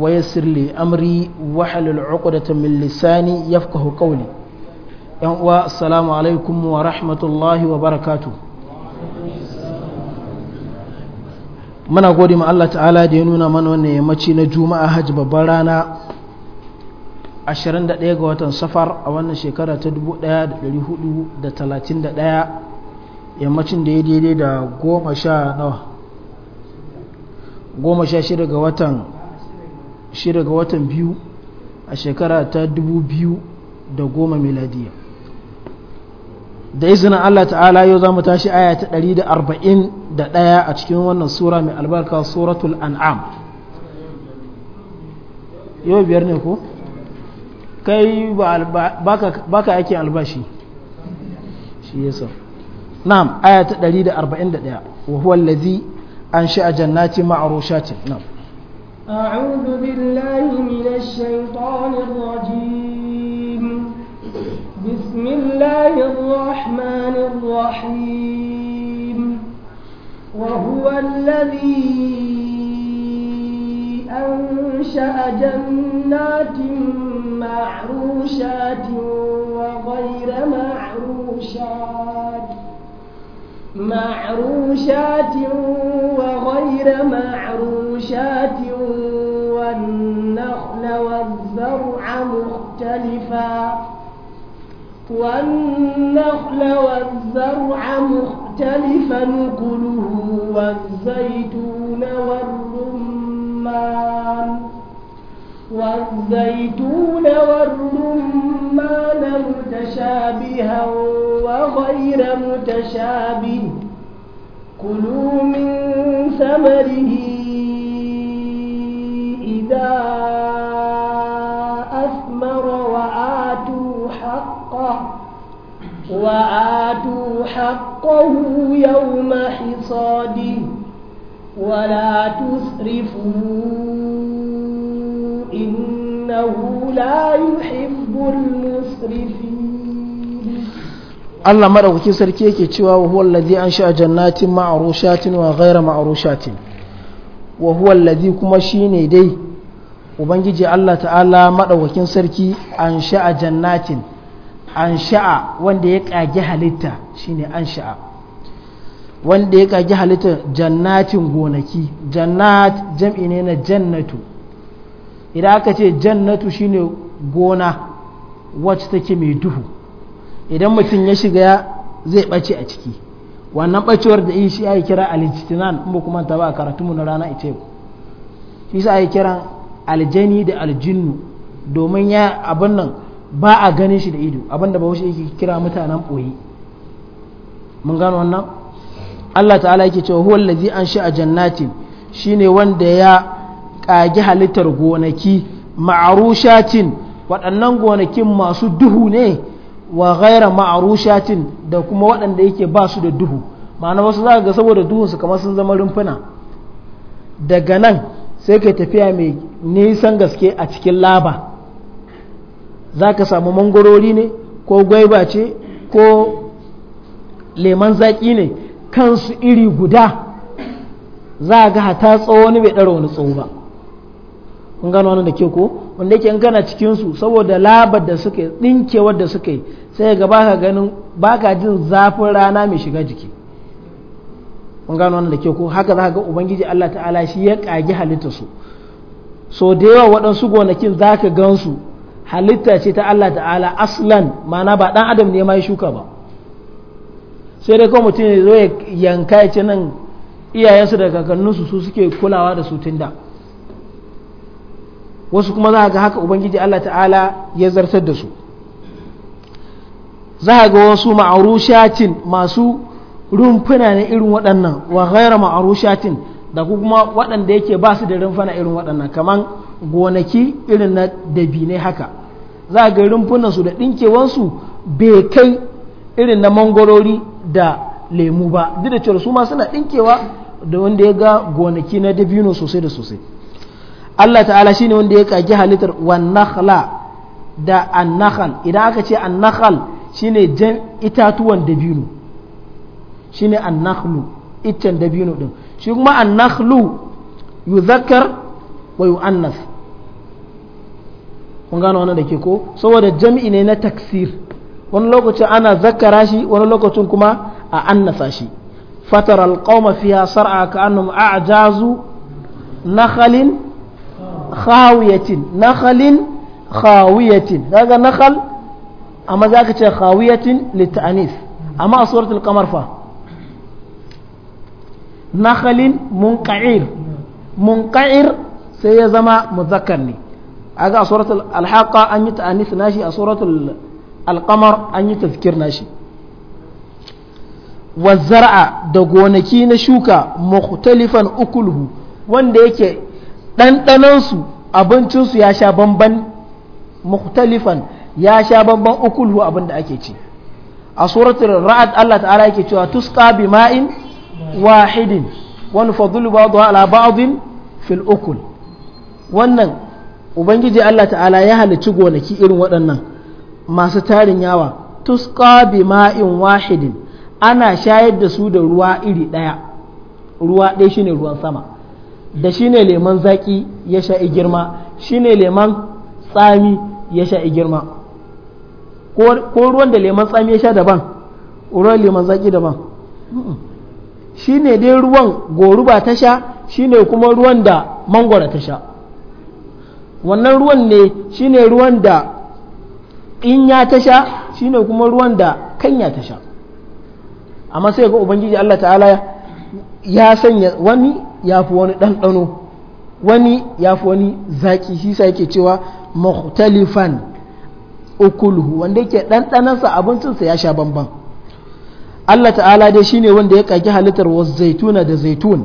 ويسر لي أمري وحل العقدة من لساني يفقه قولي والسلام عليكم ورحمة الله وبركاته muna gode ma Allah ta'ala da ya nuna mana wannan yammaci na juma'a hajji babban rana 21 ga watan safar a wannan shekara ta 1431 yammacin da ya daidai da goma sha nawa goma sha shida ga watan shida daga watan biyu a shekara ta dubu biyu da goma miladiya da izinin Allah ta'ala yau za mu tashi aya ta ɗari da arba'in da ɗaya a cikin wannan sura mai albarka suratul an'am yau biyar ne ko kai ba ka ake albashi shi yasa na'am aya ta ɗari da arba'in da ɗaya wa huwa allazi an sha'a jannati ma'arushatin na'am أعوذ بالله من الشيطان الرجيم بسم الله الرحمن الرحيم وهو الذي أنشأ جنات معروشات وغير معروشات معروشات وغير معروشات والنخل والزرع مختلفا والنخل والزرع مختلفا كله والزيتون والرمان والزيتون والرمان متشابها غير متشابه كلوا من ثمره إذا أثمر وآتوا حقه وآتوا حقه يوم حصاده ولا تسرفوا إنه لا يحب المسرفين Allah maɗaukakin sarki yake cewa wa huwa an ansha jannatin ma'rushatin wa ghayra ma'rushatin wa huwa alladhi kuma shine dai ubangiji Allah ta'ala maɗaukakin sarki ansha jannatin ansha'a wanda ya kage halitta shine ansha'a wanda ya kage halitta jannatin gonaki jannat jam'i ne na jannatu idan aka ce jannatu shine gona wacce take mai duhu idan mutum ya shiga zai ɓace a ciki wannan ɓacewar da yi shi ya kira alijitinan in kuma ta ba karatunmu na rana ita ku. shi sa ya kira aljani da aljinnu domin ya abin nan ba a ganin shi da ido abin da wasu yake kira mutanen ɓoye mun gano wannan Allah ta'ala yake cewa huwa allazi a jannatin shine wanda ya kage halittar gonaki ma'arushatin waɗannan gonakin masu duhu ne wa ghaira ma'arushatin da kuma waɗanda yake ba su da duhu ma'ana wasu za ga saboda duhun su kamar sun zama rumfuna daga nan sai kai tafiya mai nisan gaske a cikin laba zaka samu mangorori ne ko gwaiba ce ko leman zaƙi ne kansu iri guda za ga hata tsawo wani bai ɗara wani tsawo ba kun gano wannan da ke ko wanda yake in kana cikin su saboda labar da yi dinkewar da yi sai ga baka ganin baka jin zafin rana mai shiga jiki kun gano wannan da ke ko haka za ga ubangiji Allah ta'ala shi ya kagi halitta su so da yawa waɗansu gonakin za ka gansu halitta ce ta Allah ta'ala aslan mana ba ɗan adam ne ma ya shuka ba sai dai kawai mutum ya zo ya yanka ya ce nan iyayensu da kakanninsu su suke kulawa da su tun da wasu kuma za a ga haka ubangiji Allah ta'ala ya zartar da su za a ga wasu ma'arushatin masu rumfuna na irin waɗannan wa ghaira ma'arushatin da kuma waɗanda yake ba su da rumfuna irin waɗannan kaman gonaki irin na dabinai haka za a ga rumfunan su da ɗinkewansu bai kai irin na mangorori da lemu ba duk da cewa su ma suna ɗinkewa da wanda ya ga gonaki na dabino sosai da sosai Allah ta'ala shi ne wanda ya kagi halittar wannakhla da annakhal idan aka ce annakhal ne jan itatuwan dabino shine annakhlu iccen dabino din shi kuma annakhlu zakar wa yu'annas kun gano wannan da ke ko saboda jami'i ne na taksir wani lokacin ana zakara shi wani lokacin kuma a annasa shi fatar alƙauma fiya sar'a ka annum a'jazu nakhalin khawiyatin nakhalin khawiyatin kaga nakhal amma za ka ce khawiyatin lit'anis amma a suratul qamar fa nakhalin munqa'ir munqa'ir sai ya zama muzakkar ne aga a suratul alhaqa an yi ta'anis nashi a suratul alqamar an yi tazkir nashi wa zar'a da gonaki na shuka mukhtalifan ukulhu wanda yake ɗanɗanansu abincinsu ya sha bamban mukhtalifan ya sha bamban ukulhu abin da ake ci a suratul ra'ad Allah ta'ala yake cewa tusqa ma'in wahidin wani nufadhilu ba'du ala ba'din fil ukul wannan ubangiji Allah ta'ala ya halici gonaki irin waɗannan masu tarin yawa tusqa bima'in wahidin ana shayar da su da ruwa iri ɗaya ruwa ɗaya shine ruwan sama da shi ne leman zaƙi ya sha'i girma shi ne leman tsami ya sha'i girma ko ruwan da leman tsami ya sha daban ruwan leman zaƙi daban shi ne dai ruwan goruba ta sha shi ne kuma ruwan da mangwara ta sha wannan ruwan ne shi ne ruwan da inya ta sha shi ne kuma ruwan da kanya ta sha amma sai ga ubangiji allah ta'ala ya sanya wani ya fi wani ɗanɗano wani ya fi wani zaƙi shi sa yake cewa muktalifan ukuluhu wanda yake ɗanɗanansa abincinsa ya sha bamban Allah ta'ala dai shine wanda ya kaki halittar wasu zaituna da zaitun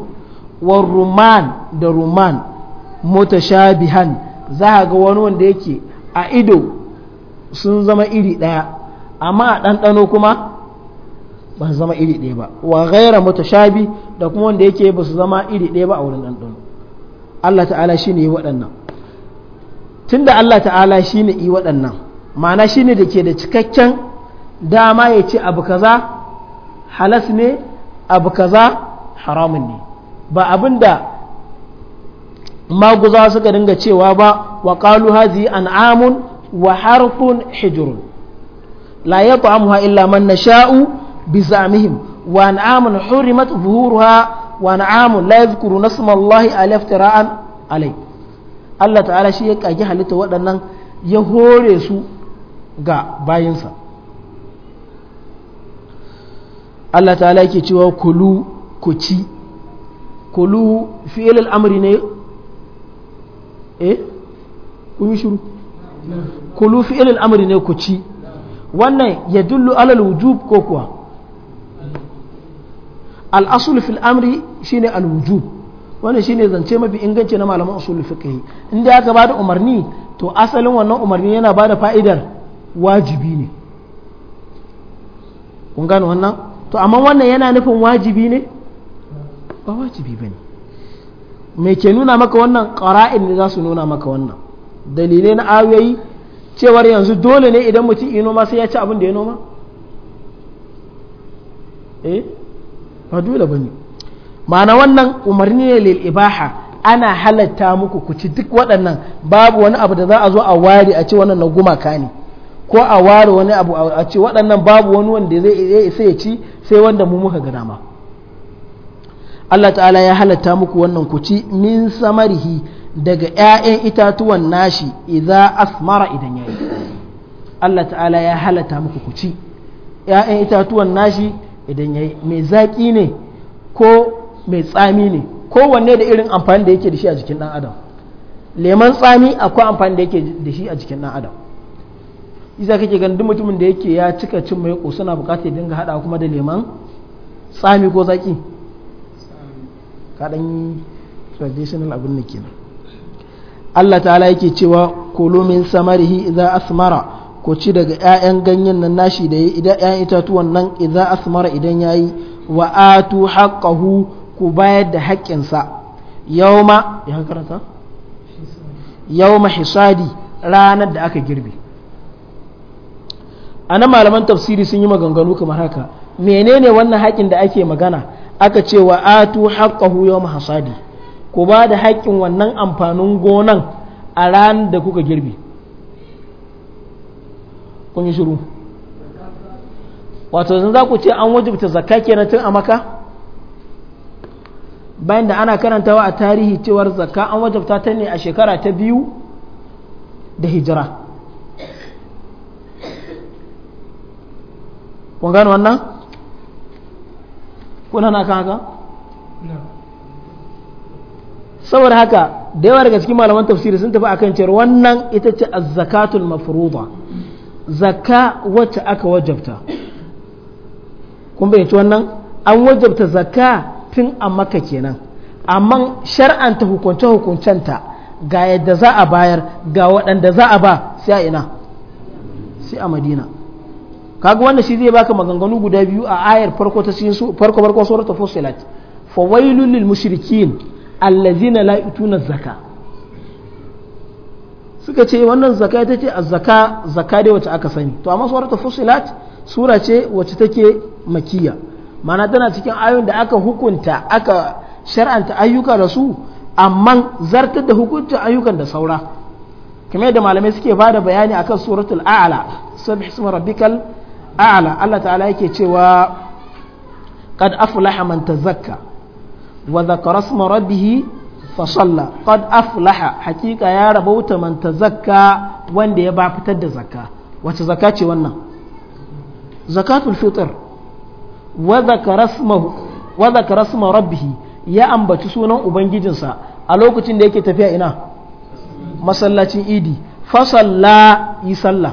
wa ruman da ruman mutashabihan za a ga wani wanda yake a ido sun zama iri ɗaya amma a ɗanɗano kuma ba zama iri ɗaya ba wa mota mutashabi da kuma wanda yake ba su zama iri ɗaya ba a wurin ɗanɗano Allah ta'ala shi ne yi waɗannan tun da Allah ta'ala shi ne yi waɗannan ma'ana shi ne da ke da cikakken dama ya ce abu kaza halas ne abu kaza haramun ne ba abin da maguza suka dinga cewa ba wa ƙalu hazi amun wa harfun hijirun la ta'amuwa illa man sha'u bi zamihim wa na'amun hurimat buhuruha wa na'amun la yadhkuru nasmallahi alaihi iftira'an alai Allah ta'ala shi ya kage halitta waɗannan ya hore ga bayinsa Allah ta'ala yake cewa kulu ku ci kulu fi'il ne eh kulu wannan ya dullu alal wujub ko kuwa al'asul fil amri ne al wani shi ne zance mafi inganci na malaman usulul fiqh inda aka bada umarni to asalin wannan umarni yana bada fa'idar wajibi ne kun gano wannan to amma wannan yana nufin wajibi ne ba wajibi bane me ke nuna maka wannan qara'in ne za su nuna maka wannan dalilai na ayoyi cewar yanzu dole ne idan mutum ya noma sai ya ci abin da ya noma eh ba dole ba ne ma'ana wannan umarni ne lil ibaha ana halatta muku ku ci duk waɗannan babu wani abu da za a zo a ware a ce wannan na gumaka ne ko a ware wani abu a ce waɗannan babu wani wanda zai isa ya ci sai wanda mu muka ga ma. Allah ta'ala ya halatta muku wannan ku ci min samarihi daga 'ya'yan itatuwan nashi idza asmara idan yayi Allah ta'ala ya halatta muku ku ci 'ya'yan itatuwan nashi idan ya yi mai zaƙi ne ko mai tsami ne kowanne da irin amfani da yake da shi a jikin ɗan adam leman tsami akwai amfani da yake da shi a jikin ɗan adam isa kake gani duk mutumin da yake ya cika cin mai ƙosa na buƙatar dinga haɗa kuma da leman tsami ko zaƙi kaɗan traditional abin da Allah ta'ala yake cewa kulumin samarihi idan asmara ko ci daga 'ya'yan ganyen nan nashi da ya idan 'ya'yan itatuwan nan idan asmara idan ya yi wa atu haƙahu ku bayar da haƙƙinsa yau ya karanta ma hisadi ranar da aka girbe a nan malaman tafsiri sun yi maganganu kamar haka menene wannan haƙin da ake magana aka ce wa atu haƙahu ma hasadi ku ba da haƙƙin wannan amfanin gonan a ranar da kuka girbe kun yi shiru wato zan za ku ce an wajibta zakka kenan tun a maka bayan da ana karantawa a tarihi cewar zakka an wajibta ta ne a shekara ta biyu da hijira kun gano wannan kuna na kan haka saboda haka da yawa daga cikin malaman tafsiri sun tafi akan cewar wannan ita ce az-zakatul mafruḍa zakka wacce aka wajabta kun bayyanci wannan an wajabta zakka tun a maka kenan amma shar'anta hukunce-hukuncenta ga yadda za a bayar ga waɗanda za a ba sai a ina sai a madina kaga wannan shi zai baka maganganu guda biyu a ayar farko ta cikin farko farko suratul fusilat fawailul lil mushrikin allazina la yutuna zakka suka ce wannan zaka ita ce zaka zaka dai wacce aka sani to amma suratu fusilat sura ce wacce take makiya mana tana cikin ayoyin da aka hukunta aka shar'anta ayyuka da su amma zartar da hukunta ayyukan da saura kuma da malamai suke bada bayani akan suratul a'la sabih rabbikal a'la Allah ta'ala yake cewa qad aflaha man tazakka wa dhakara rabbih Fasalla salla qad aflaha hakika ya rabauta man tazakka wanda ya ba fitar da zakka wace zakka ce wannan zakatul fitr wa zakara ismahu wa zakara isma rabbih ya ambaci sunan ubangijinsa a lokacin da yake tafiya ina masallacin idi fasalla yi sallah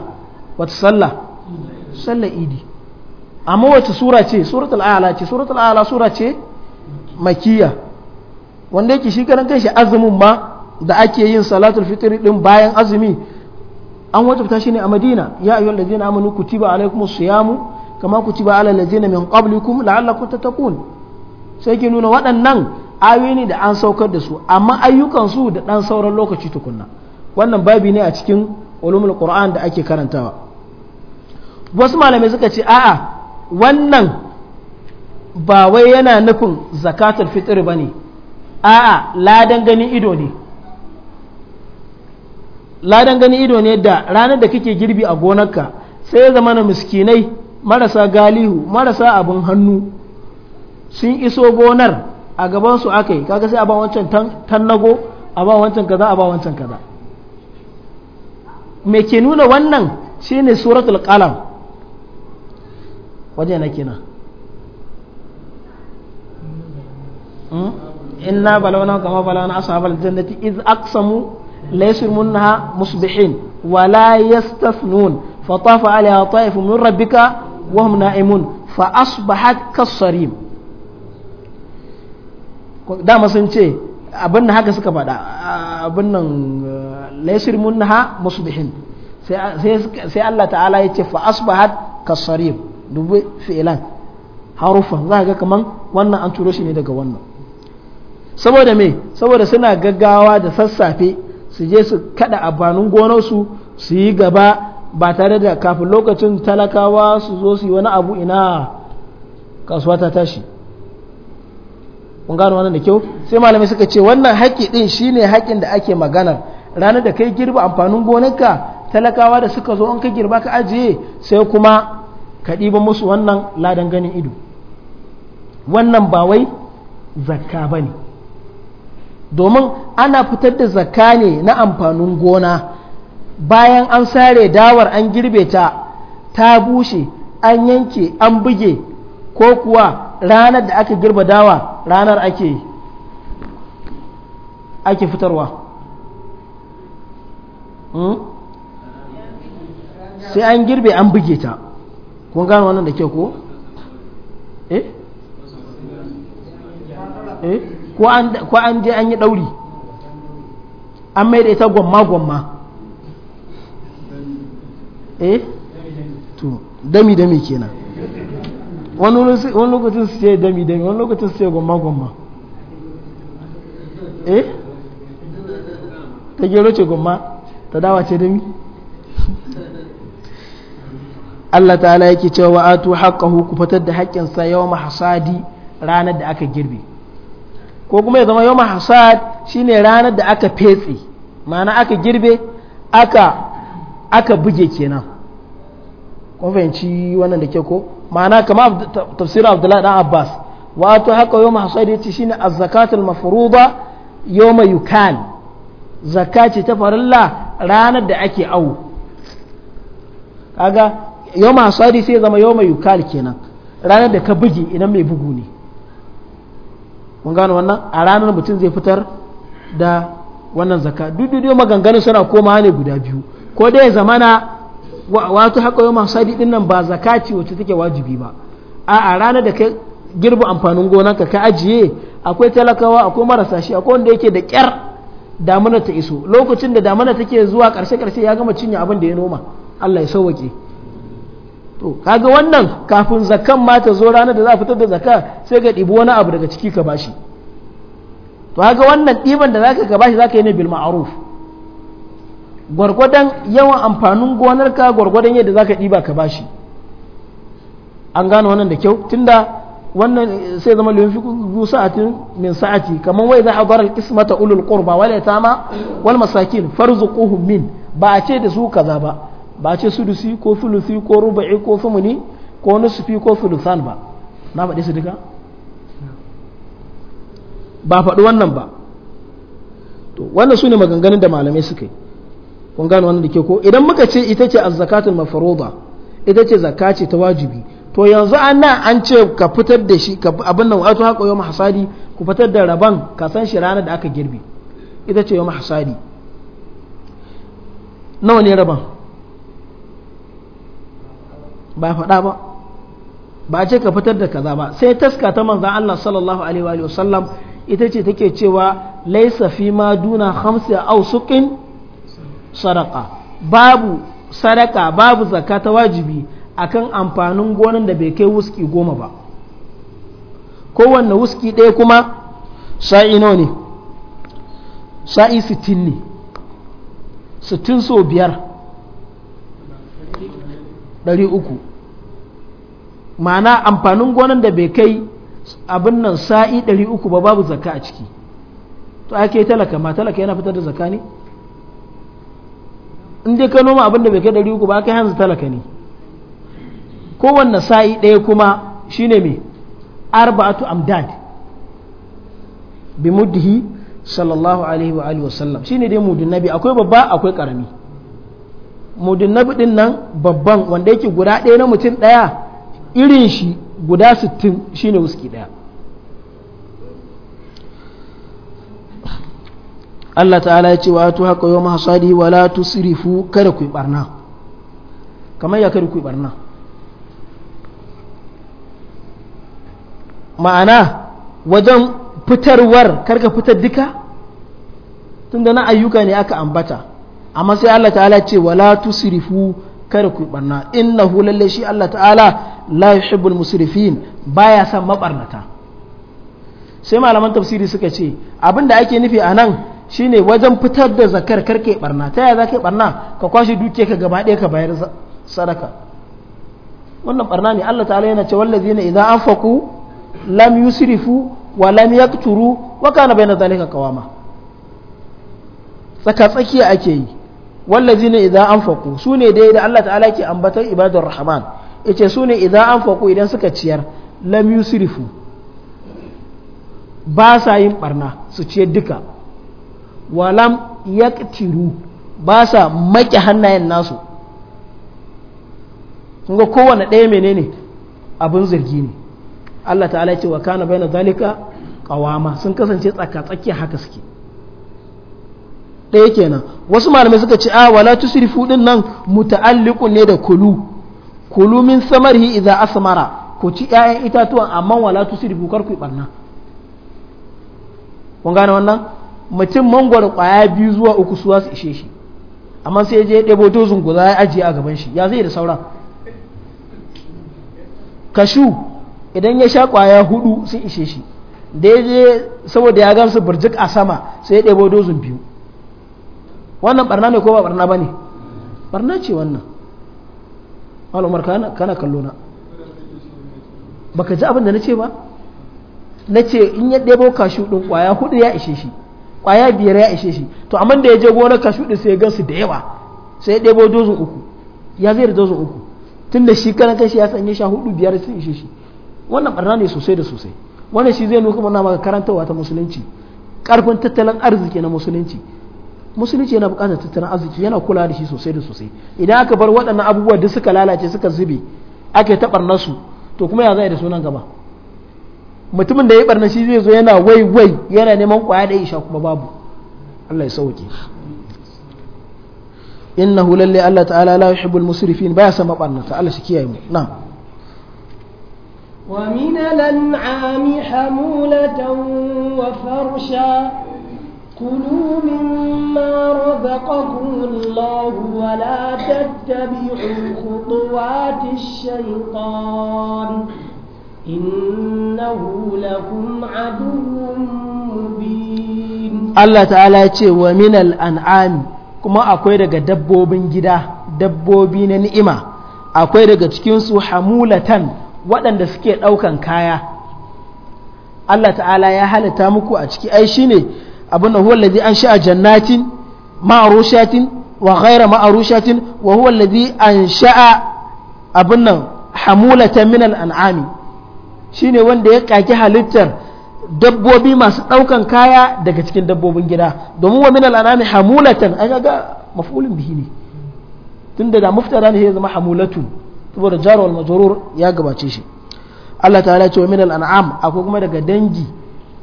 wata sallah sallah idi amma wace sura ce suratul a'la ce suratul a'la sura ce makiyya wanda yake shi karan shi azumin ma da ake yin salatul fitr din bayan azumi an wajabta shi ne a madina ya ayyuhal ladina amanu kutiba alaikumus siyamu kama kutiba ala ladina min qablikum la'allakum tattaqun sai ke nuna waɗannan ayoyi da an saukar da su amma ayyukan su da ɗan sauran lokaci tukunna wannan babi ne a cikin ulumul qur'an da ake karantawa wasu malamai suka ce a'a wannan ba wai yana nufin zakatul fitr bane a'a ladan ganin ido ne ladan ganin ido ne da ranar da kake girbi a gonarka sai ya zama na miskinai marasa galihu marasa abin hannu sun iso gonar a gabansu aka yi kaga sai a ba wancan tannago a ba wancan kaza a ba wancan kaza me ke nuna wannan shine suratul qalam waje na kina? Hmm? inna balawna kama balawna ashabal jannati iz aqsamu laysa munha musbihin wa la yastathnun fa tafa alaiha ta'ifun min rabbika wa hum na'imun fa asbahat kasarim dama sun ce abin nan haka suka faɗa abin nan laysir munha musbihin sai Allah ta'ala ya ce fa asbahat kasarim dubi fi'lan harufan za ga kaman wannan an turo shi ne daga wannan saboda me saboda suna gaggawa da sassafe su je su kada amfanin gonarsu su yi gaba ba tare da kafin lokacin talakawa su zo su yi wani abu ina kasuwa ta tashi kun gano wannan da kyau sai malamai suka ce wannan haƙƙi ɗin shine haƙƙin da ake maganar ranar da kai girba amfanin gonarka talakawa da suka zo in ka girba ka ajiye sai kuma ka ɗiba musu wannan ladan ganin ido wannan ba wai zakka ba ne domin ana fitar da zakka ne na amfanin gona bayan an sare dawar an girbe ta ta bushe an yanke an buge ko kuwa ranar da aka girba dawa ranar ake ake fitarwa hmm? sai an girbe an buge ta kun gano wannan da ke ko eh eh ko an je an yi ɗauri an mai da ita gwamma-gwamma eh to dami-dami kenan wani lokacin su ce dami-dami wani lokacin su ce gwamma-gwamma eh ta gero ce gwamma ta dawa ce dami Allah ta'ala yake cewa atu haƙƙahu ku fitar da haƙƙinsa yawma hasadi ranar da aka girbe ko kuma ya zama yau hasad shine ranar da aka fetse ma'ana aka girbe aka aka buge kenan kun fahimci wannan da ke ko ma'ana kama tafsirin abdullahi dan abbas wato haka yau hasad ya ce shine azzakatul yau yawma yukan zakka ce ta farilla ranar da ake awo kaga yau hasad sai zama yau yukan kenan ranar da ka buge idan mai bugu ne kun gano wannan a ranar mutum zai fitar da wannan zaka duk duniya maganganun suna koma ne guda biyu ko dai ya zamana wato haka yau masu sadi nan ba zaka ce wacce take wajibi ba a a ranar da ka girbi amfanin gonarka ka ajiye akwai talakawa akwai marasa shi akwai wanda yake da kyar damuna ta iso lokacin da damuna take zuwa karshe karshe ya gama cinye abin da ya noma Allah ya sauwake to kaga wannan kafin zakan ma ta zo ranar da za a fitar da zaka sai ka ɗibi wani abu daga ciki ka bashi to kaga wannan ɗiban da zaka ka bashi zaka yi ne bil ma'ruf gwargwadon yawan amfanin gonarka gwargwadon yadda zaka ɗiba ka bashi an gano wannan da kyau tunda wannan sai zama lumin fi zu sa'atin min sa'ati kamar wai za a gwara kismata ulul qurba wal yatama wal masakin farzuquhum min ba a ce da su kaza ba ba ce sudusi ko thuluthi ko ruba'i ko thumuni ko nusufi ko thuluthan ba na faɗi su duka ba faɗi wannan ba to wannan su ne maganganun da malamai suka yi kun gano wannan da ke ko idan muka ce ita ce azzakatul ba ita ce zakka ce ta wajibi to yanzu an na an ce ka fitar da shi abin nan wato haƙo yau hasadi ku fitar da rabon ka san shi ranar da aka girbi ita ce yau hasadi nawa ne rabon ba faɗa ba ba ce ka fitar da kaza ba sai taska ta manzan Allah sallallahu alaihi wa sallam ita ce take cewa laisa fi ma duna hamsi au suqin sadaka babu sadaka babu zakka ta wajibi akan amfanin gonan da bai kai wuski goma ba kowanne wuski ɗaya kuma sa'i nawa ne sa'i sittin ne sittin so biyar 300 uku ma'ana amfanin gonan da bai kai abin nan sa'i 300 uku ba babu zakka a ciki to ake talaka ma talaka yana fitar da zakka ne in dai ka noma abin da bai kai 300 uku ba kai hanzu talaka ne kowanne sa'i ɗaya kuma shine me arba'atu amdad bi muddihi sallallahu alaihi wa alihi sallam shine dai mudun nabi akwai babba akwai karami mudinnabi din nan babban wanda yake guda ɗaya na mutum ɗaya irin shi guda sittin shi ne wuski ɗaya Allah ta'ala ya ce wa tu haka yau mahasadi wa la sirifu kada ku ɓarna, barna kamar ya kada ku ɓarna. barna ma'ana wajen fitarwar karka fitar duka tunda na ayyuka ne aka ambata amma sai Allah ta'ala ce wala tusrifu kada ku barna innahu lalle shi Allah ta'ala la yuhibbul musrifin baya san mabarnata sai malaman tafsiri suka ce abinda ake nufi a nan shine wajen fitar da zakar karke barna ta yaya kai barna ka kwashe duke ka gaba ɗaya ka bayar sadaka wannan barna ne Allah ta'ala yana ce wallazina idza anfaqu lam yusrifu wa lam yakturu wa kana bayna zalika qawama tsaka tsakiya ake yi an faku su sune dai da Allah ta'ala ke ambatar ibadar rahman yace sune an faku idan suka ciyar lam yusrifu ba sa yin barna su ciyar duka walam yaktiru ba sa maki hannayen nasu kun ga kowane ɗaya menene abin zargi ne Allah ta'ala ce wa kana bayna zalika qawama sun kasance tsaka tsakiya haka suke ɗaya kenan wasu malamai suka ce a wala tusrifu din nan muta'alliqun ne da kulu kulu min samarihi idza asmara ku ci ƴaƴan itatuwan amma wala tusrifu kar ku barna kun gane wannan mutum mangwaro ƙwaya biyu zuwa uku suwa su ishe shi amma sai je ɗebo dozin guda ya ajiye a gaban shi ya zai da sauran kashu idan ya sha ƙwaya hudu sun ishe shi da ya je saboda ya gamsu birjik a sama sai ya ɗebo dozin biyu wannan barna ne ko ba barna bane barna ce wannan al'umar kana kana kallo na baka ji abin da na ce ba nace in ya ɗebo kashu din kwaya hudu ya ishe shi kwaya biyar ya ishe shi to amma da ya je gonar kashu din sai ya gansu da yawa sai ya ɗebo dozin uku ya zai da dozin uku tunda shi kana kashi ya sanye sha hudu biyar sun ishe shi wannan barna ne sosai da sosai wannan shi zai nuka mana maka karantarwa ta musulunci karfin tattalin arziki na musulunci musulunci yana bukatar tattalin arziki yana kula da shi sosai da sosai idan aka bar waɗannan abubuwa da suka lalace suka zube ake ta nasu to kuma ya za da sunan gaba mutumin da ya barna shi zai zo yana wai wai yana neman kwaya da isha kuma babu Allah ya sauke innahu lalle Allah ta'ala la yuhibbul musrifin baya sama barnata Allah shi kiyaye mu na'am ومن الأنعام حمولة وفرشا كلوا من in na rufe kokun lahuwa la tattabi rukutuwa ta shan tsaron in na hula kuma abin ce wa an'ami kuma akwai daga dabbobin gida dabbobi na ni'ima akwai daga cikin su hamulatan waɗanda suke ɗaukan kaya allah ta'ala ya halita muku a ciki ai shine abin da huwa alladhi ansha'a jannatin ma'arushatin wa ghayra ma'rushatin wa huwa alladhi ansha'a abin nan hamulatan min Shi shine wanda ya kaki halittar dabbobi masu ɗaukan kaya daga cikin dabbobin gida domin wa min al'ami hamulatan ai ga maf'ulun bihi ne tunda da muftara ne ya zama hamulatu saboda jarawar majrur ya gabace shi Allah ta'ala ce wa min al'am akwai kuma daga dangi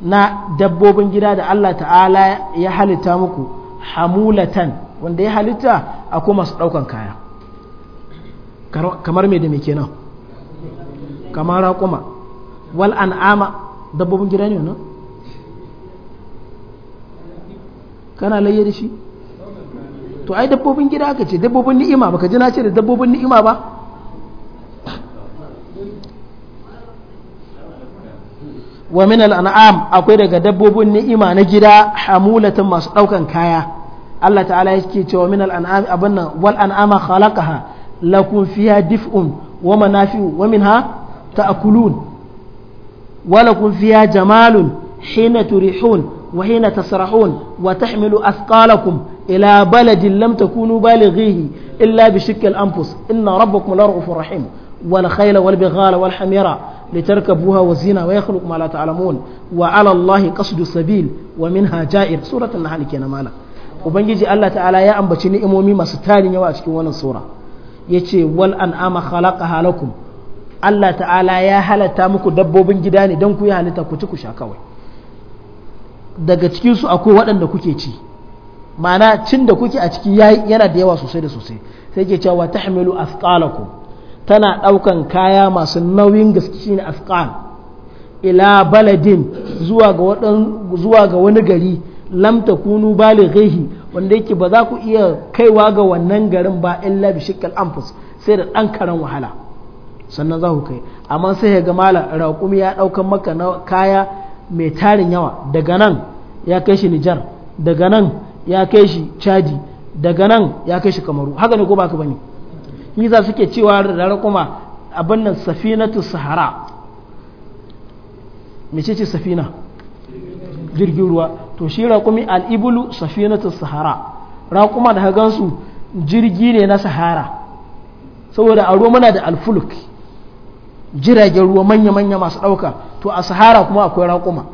na dabbobin gida da Allah ta'ala ya halitta muku hamulatan wanda ya halitta a kuma masu ɗaukan kaya kamar mai da mai kenan kamar raƙuma wal an'ama dabbobin gida ne wannan kana layye da shi to ai dabbobin gida ka ce dabbobin ni'ima baka ji na ce da dabbobin ni'ima ba ومن الأنعام أقول لك دبوب النئمة نجدا حمولة مصدوكا كايا الله تعالى يسكيت ومن الأنعام أبنى والأنعام خلقها لكم فيها دفء ومنافع ومنها تأكلون ولكم فيها جمال حين تريحون وحين تسرحون وتحملوا أثقالكم إلى بلد لم تكونوا بالغيه إلا بشك الأنفس إن ربكم لرغف رحيم والخيل والبغال ولا litarkabuha wa zina wa yakhluqu ma la ta'lamun wa 'ala Allahi qasdu sabil wa minha ja'ir na nahl kenan mala ubangiji Allah ta'ala ya ambaci ni'imomi masu tarin yawa a cikin wannan sura yace wal an'ama khalaqaha lakum Allah ta'ala ya halatta muku dabbobin gida ne don ku yi halitta ku ci ku sha kawai daga cikinsu akwai waɗanda kuke ci ma'ana cin da kuke a ciki yana da yawa sosai da sosai sai ke cewa ta hamilu asqalakum tana ɗaukan kaya masu nauyin gaske ne afqan ila baladin zuwa ga wani gari lam kunu balighihi wanda yake ba za ku iya kaiwa ga wannan garin ba illa bi shikkal anfus sai da ɗan karan wahala sannan za ku kai amma sai ya ga mala raƙumi ya ɗaukan maka na kaya mai tarin yawa daga nan ya kai shi nijar daga nan ya kai shi chadi daga nan ya kai shi kamaru haka ne ko ba ka bane yi za suke cewa da raƙuma abin nan safinatu sahara mace ce safina jirgin ruwa to shi raƙumi al'ibulu safinatu sahara raƙuma da gansu jirgi ne na sahara saboda a ruwa muna da alfuluk jiragen ruwa manya-manya masu ɗauka to a sahara kuma akwai raƙuma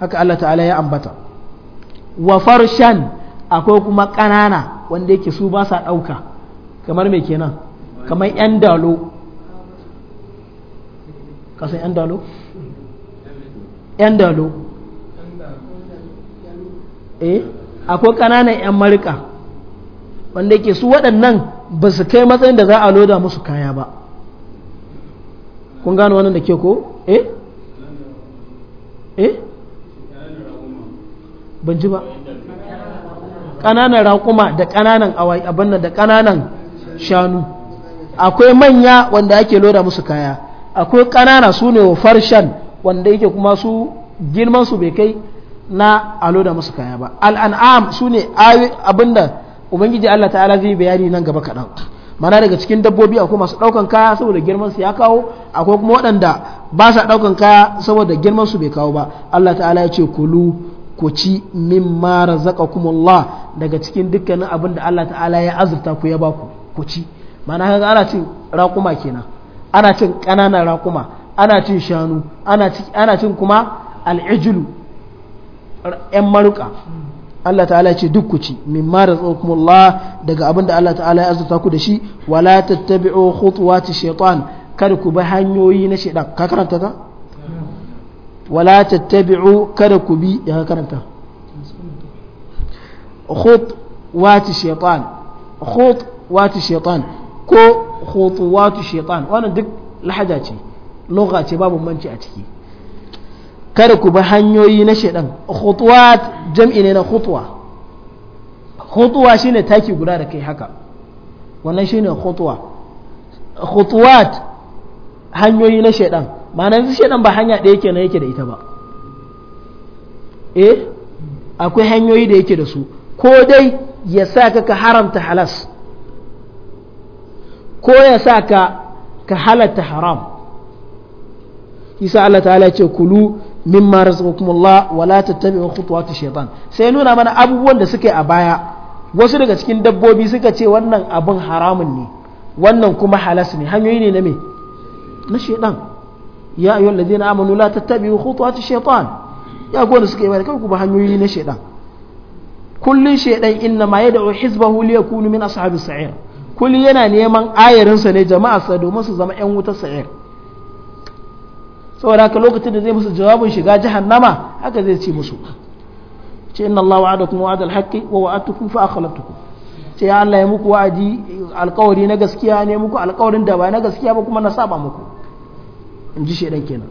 haka Allah ta'ala ya ambata wa farshan akwai kuma ƙanana wanda yake su ba sa ɗauka kamar mai kenan kamar 'yan dalo kasan 'yan dalo? 'yan dalo eh akwai ƙananan 'yan marika wanda ke su waɗannan ba su kai matsayin da za a loda musu kaya ba kun gano wannan da ke ko eh eh ban ji ba ƙananan raƙuma da ƙananan abin da ƙananan shanu akwai manya wanda ake loda musu kaya akwai ƙanana su ne wa farshen wanda yake kuma su girman su bai kai na a loda musu kaya ba al'an'am su ne abinda ubangiji Allah ta'ala zai bayani nan gaba kaɗan mana daga cikin dabbobi akwai masu ɗaukan kaya saboda girman su ya kawo akwai kuma waɗanda ba sa ɗaukan kaya saboda girman su bai kawo ba Allah ta'ala ya ce kulu ku ci kuma Allah daga cikin dukkanin abin da Allah ta'ala ya azurta ku ya baku ku ci mana kaga ana cin raƙuma kenan ana cin ƙananan raƙuma ana cin shanu ana cin kuma al'ijilu ‘yan maruka Allah ta'ala ce duk ku ci min ma da tsokumullah daga abin da Allah ta'ala ya azurta ku da shi wala tattabi'u khutuwati shaitan kada ku bi hanyoyi na shaitan ka karanta ta wala tattabi'u kada ku bi ya ka karanta khut wati shaitan khut watu shaitan ko خطوات shaitan wannan duk lahaja شيء شيء babu manci a ciki kada ku bi hanyoyi na shaitan khutuwat jam'i ne na khutwa khutwa shine taki guda da haka wannan shine khutwa khutuwat hanyoyi na shaitan ma'ana shaitan ba hanya ɗaya kenan yake da ita ba eh akwai hanyoyi da yake da su ko dai ya sa ka haramta halas ko ya sa ka ka halatta haram isa Allah ta'ala ce kulu mimma razaqakumullah wala tattabi'u khutuwati shaytan sai nuna mana abubuwan da suke a baya wasu daga cikin dabbobi suka ce wannan abin haramun ne wannan kuma halas ne hanyoyi ne na me na shaytan ya ayyuhal ladina amanu la tattabi'u khutuwati shaytan ya gona suke bai kai ku hanyoyi na shaytan kullun shaytan inna ma yad'u hizbahu liyakunu min ashabis sa'ir kuli yana neman ayarinsa ne jama'arsa domin su zama 'yan wuta sa'ir saboda haka lokacin da zai musu jawabin shiga jahannama haka zai ce musu ce inna Allah wa'adakum wa'adal haqqi wa wa'adtukum fa akhlaftukum ce ya Allah ya muku wa'adi alƙawari na gaskiya ne muku alƙawarin da ba na gaskiya ba kuma na saba muku in ji shedan kenan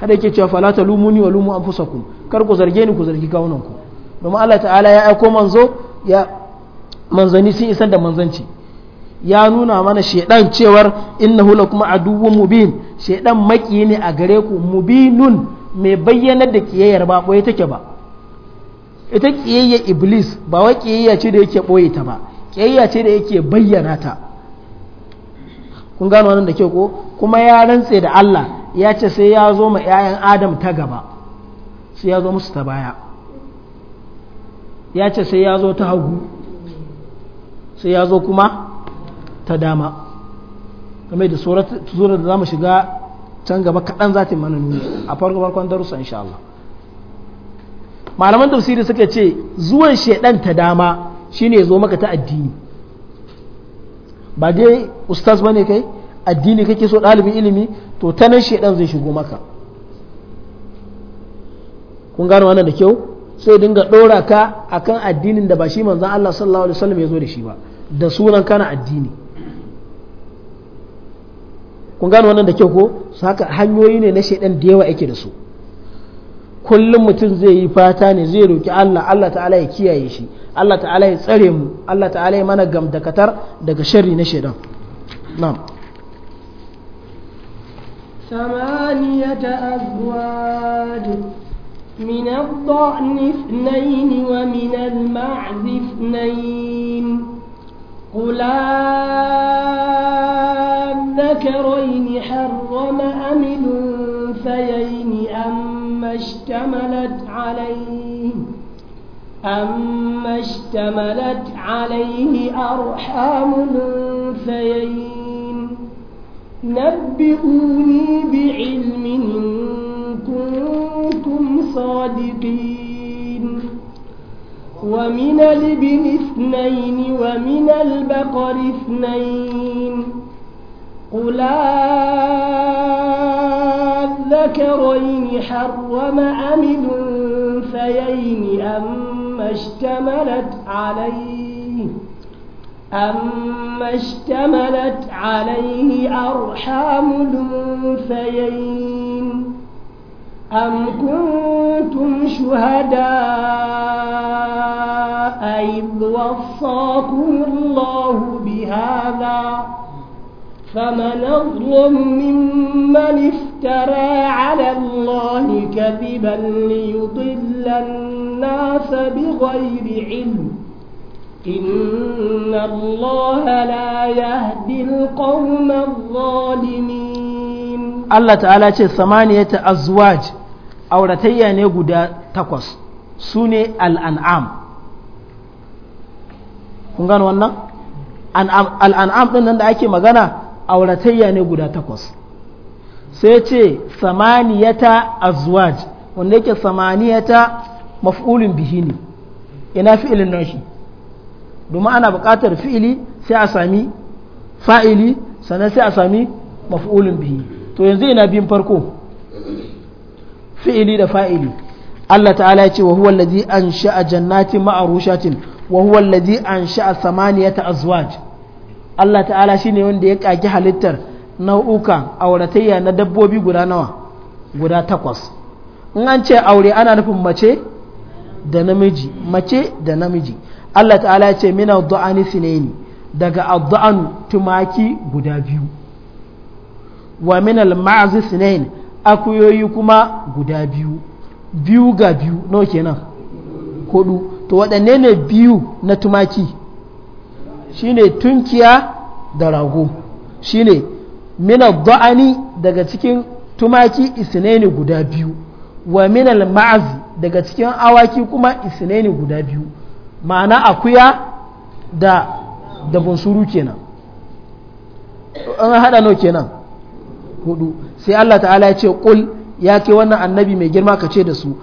har yake cewa fala talumuni wa lumu anfusakum kar ku zarge ni ku zargi kawunan ku domin Allah ta'ala ya aiko manzo ya manzani sun isar da manzanci ya nuna mana shaidan cewar innahu lakum aduwwun mubin shaidan maki ne a gare ku mubinun mai bayyanar da kiyayyar ba boye take ba ita kiyayya iblis ba wai kiyayya ce da yake boye ta ba kiyayya ce da yake bayyana ta kun gano wannan da ke ko kuma ya rantse da Allah ya ce sai ya zo ma 'ya'yan adam ta gaba sai ya zo musu ta baya ya ce sai ya zo ta hagu sai ya zo kuma ta dama kamar da surar da za shiga can gaba kaɗan za ta mana nuni a farko farkon darussa insha Allah malaman tafsiri suka ce zuwan shaidan ta dama shine ya zo maka ta addini ba dai ustaz bane kai addini kake so ɗalibin ilimi to ta nan shaidan zai shigo maka kun gano wannan da kyau sai dinga ɗora ka akan addinin da ba shi manzan Allah sallallahu alaihi wasallam ya zo da shi ba da sunan kana addini kun gano wannan da kyau ko su haka hanyoyi ne na shaidan da yawa yake da su kullum mutum zai yi fata ne zai roki Allah Allah ta'ala ya kiyaye shi Allah ta'ala ya tsare mu Allah ta'ala ya mana gamdakatar daga sharri na shaidan na'am ثمانية أزواج من الضأن اثنين ومن المعز اثنين قل الذكرين حرم أم الأنثيين أما اشتملت عليه أما اشتملت عليه أرحام الأنثيين نبئوني بعلم إن كنتم صادقين ومن الابن اثنين ومن البقر اثنين قل الذكرين حرم أم الأنثيين أما اشتملت عليه أما اشتملت عليه أرحام الأنثيين أم كنتم شهداء أئذ وصاكم الله بهذا فمن أظلم ممن افترى على الله كذبا ليضل الناس بغير علم إن الله لا يهدي القوم الظالمين الله تعالى ce ثمانية أزواج auratayya ne guda takwas su ne al'an'am kun gano wannan al'an'am din nan da ake magana auratayya ne guda takwas sai ce samaniyata azwaj wanda yake samaniyata maf'ulin bihi ne ina fi'ilin shi domin ana buƙatar fi'ili sai a sami fa'ili sannan sai a sami maf'ulin bihi to yanzu ina biyun farko fi'ili da fa'ili Allah ta'ala ya ce wa huwa allazi ansha'a jannatin ma'arushatin wa huwa alladhi ansha'a samaniyata azwaj Allah ta'ala shine wanda ya kaki halittar nau'uka auratayya na dabbobi guda nawa guda takwas in an ce aure ana nufin mace da namiji mace da namiji Allah ta'ala ya ce mina du'ani sinaini daga addu'an tumaki guda biyu wa minal ma'azi sinaini akuyoyi kuma guda biyu biyu ga biyu nawa kenan hudu to waɗanne ne biyu na tumaki shine tunkiya da rago shine mina ga'ani daga cikin tumaki isinaini guda biyu wa minal ma'az daga cikin awaki kuma isinaini guda biyu ma'ana akuya da da bunsuru kenan an hada no kenan hudu sai Allah ta'ala ya ce kul ya ke wannan annabi mai girma ka ce da su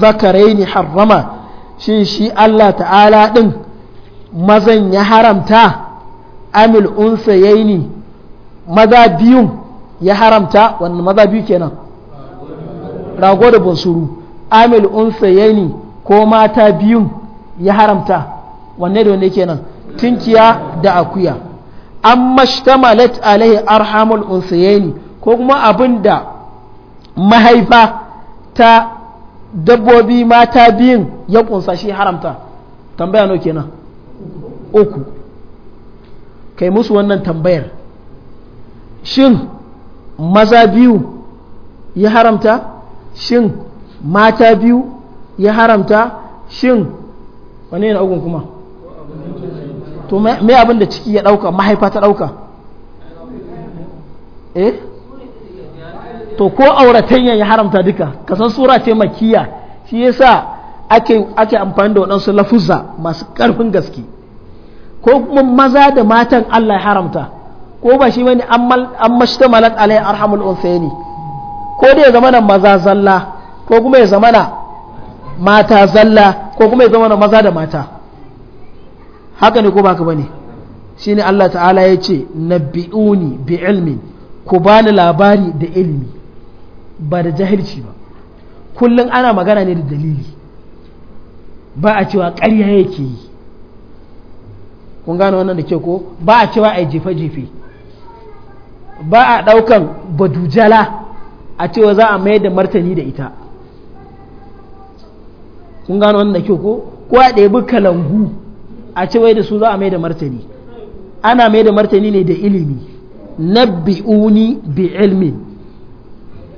Zakarai harrama shin shi Allah ta'ala din mazan ya haramta amil unsayaini maza biyun ya haramta wannan maza biyu kenan rago da bunsuru amil unsayaini ko mata biyun ya haramta wanne da wanne kenan tinkiya da akuya an mashtamalat alaihi arhamul unsayaini ko kuma abinda mahaifa ta dabbobi mata biyun ya kunsa shi haramta tambaya no kenan uku kai musu wannan tambayar shin maza biyu ya haramta shin mata biyu ya haramta shin wane ne ugun kuma to me abin da ciki ya dauka mahaifa ta dauka eh to ko auratayya ya haramta duka kasan sura ce makiya shi yasa ake ake amfani da waɗansu lafuzza masu ƙarfin gaske ko kuma maza da matan Allah ya haramta ko ba shi bane an mashtamalat alai arhamul unsayni ko da ya zama na maza zalla ko kuma ya zama na mata zalla ko kuma ya zama na maza da mata haka ne ko ba ka bane shine Allah ta'ala ya ce nabi'uni bi ilmin ku bani labari da ilimi ba da jahilci ba kullum ana magana ne da dalili ba a cewa ƙarya yake yi kun gane wannan da ke ko ba a cewa a yi jefe-jefe ba a ɗaukan badujala a cewa za a mayar da martani da ita kun gane wannan da ke ko ko a bi kalangu a cewa da su za a mayar da martani ana mayar da martani ne da ilimi nabbi'uni bi ilmin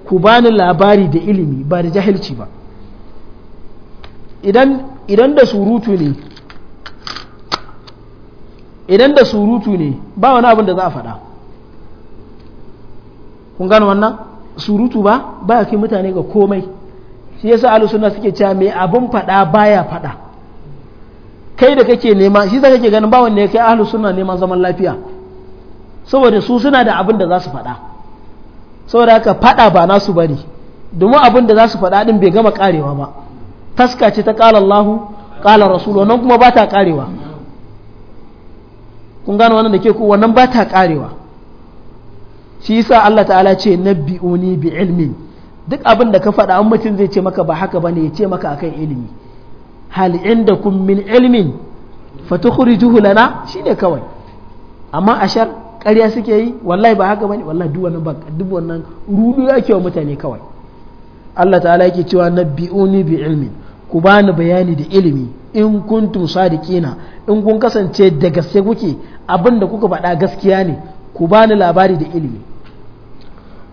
ku bani labari da ilimi ba da jahilci ba idan da surutu ne idan da surutu ne ba wani abin da za a faɗa kun gano wannan surutu ba ba kai mutane ga komai shi yasa ahlus suke cewa mai abin fada baya fada kai da kake nema shi zaka kake ganin ba ne kai ahlus neman zaman lafiya saboda su suna da abin da za su fada saboda haka faɗa ba nasu ba ne domin abin da za su faɗa ɗin bai gama karewa ba taska ce ta ƙala Allahu ƙala Rasulu wannan kuma ba ta karewa kun gano wannan da ke ku wannan ba ta karewa shi yasa Allah ta'ala ce nabbi'uni bi ilmin duk abin da ka faɗa an mutum zai ce maka ba haka bane ya ce maka akan ilimi hal indakum min ilmin fa lana shine kawai amma ashar ƙarya suke yi wallahi ba haka bane wallahi duk wannan bak duk wannan rudu yake wa mutane kawai Allah ta'ala yake cewa nabbi'uni bi ilmin ku bani bayani da ilimi in kuntum sadiqina in kun kasance da gaske kuke abinda kuka faɗa gaskiya ne ku bani labari da ilimi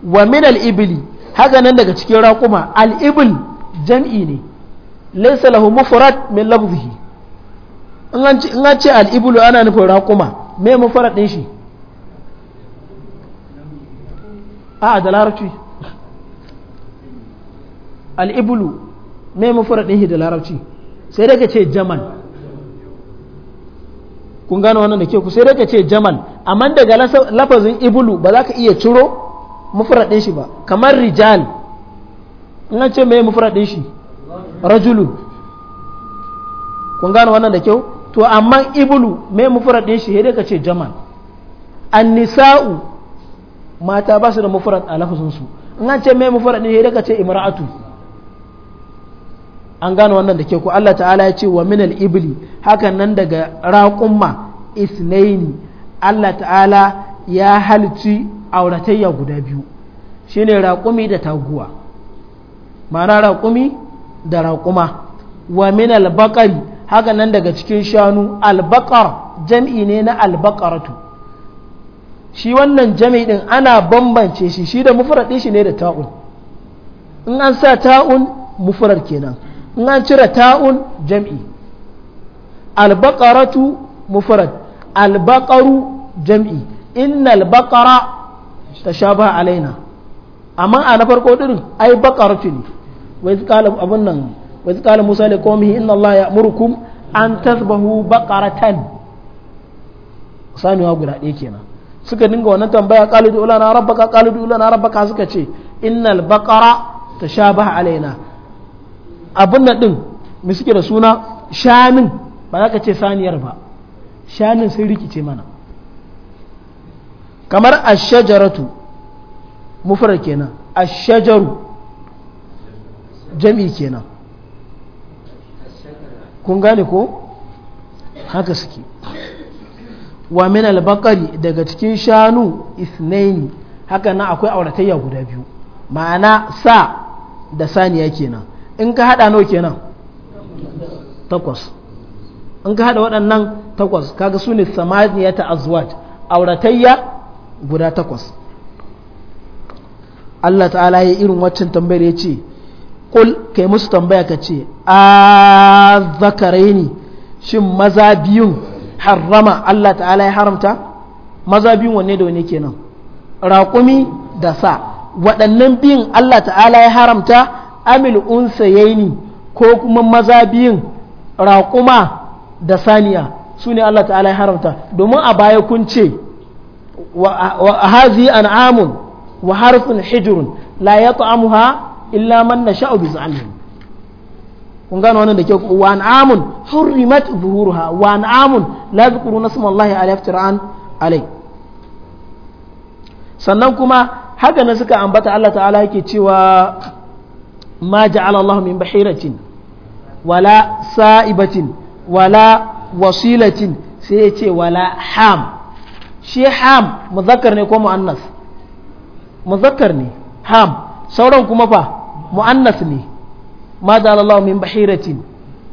wa min al-ibli haka nan daga cikin raƙuma al-ibl jam'i ne laysa lahu mufrad min lafzihi in an ce al-iblu ana nufin raƙuma me mufrad din shi a da larabci al'ibulu mai mafaradin shi da larabci sai daga ce jaman kun gano wannan da ke ku sai daga ce jaman amma daga lafazin ibulu ba za ka iya ciro mafaradin shi ba kamar rijal in ce mai mafaradin shi rajulun kun gano wannan da kyau to amma ibulu mai mafaradin shi sai daga ce jaman an nisa'u mata ba su da mufrad a lafazin su in an ce mai mufrad ne daga ce imra'atu an gano wannan da ke ku Allah ta'ala ya ce wa minal ibli hakan nan daga raƙumma isnaini Allah ta'ala ya halici auratayya guda biyu shine raƙumi da taguwa ma'ana raƙumi da raƙuma wa minal baƙari hakan nan daga cikin shanu albakar jam'i ne na albakaratu shi wannan jami'i din ana bambance shi shi da mufrad shi ne da ta'un in an sa ta'un mufrad kenan in an cire ta'un jami'i albaqaratu mufrad albaqaru jam'i innal baqara tashabaha alaina amma a na farko din ai baqaratu ne wai kala abun nan wai qala Musa li qaumihi inna Allah ya'murukum an tasbahu baqaratan sanuwa guda ɗaya kenan suka dinga wannan tambaya qalu du lana rabbaka qalu du lana rabbaka suka ce innal baqara tashabaha alaina abin nan din me suke da suna shanin ba za ka ce saniyar ba shanin sun rikice mana kamar ash-shajaratu mufrad kenan ash-shajaru jami kenan kun gane ko haka suke wa min al daga cikin shanu isnaini haka nan akwai auratayya guda biyu ma'ana sa da saniya kenan in ka hada nawa kenan takwas in ka hada waɗannan takwas kaga su ne samaniya ta azwaj auratayya guda takwas Allah ta'ala ya irin waccan tambayar ya ce kul kai musu tambaya ka ce a zakarai ne shin maza biyun harrama Allah ta'ala ya haramta maza biyun wanne da wanne kenan raƙumi da sa waɗannan biyun Allah ta'ala ya haramta amil unsayaini ko kuma maza biyun raƙuma da saniya su ne Allah ta'ala ya haramta domin a baya kun ce wa hazi an'amun wa harfin hijrun la yat'amuha illa man nasha'u bi zalimin kun gano wannan da ke wa amun hurrimat zuhuruha wa an'amun la zikruna smallahi alayhi tira'an alai sannan kuma haka na suka ambata Allah ta'ala yake cewa ma ja'ala Allah min bahiratin wala sa'ibatin wala wasilatin sai ya ce wala ham shi ham muzakkar ne ko mu'annas muzakkar ne ham sauran kuma fa mu'annas ne ماذا قال الله من bahiratin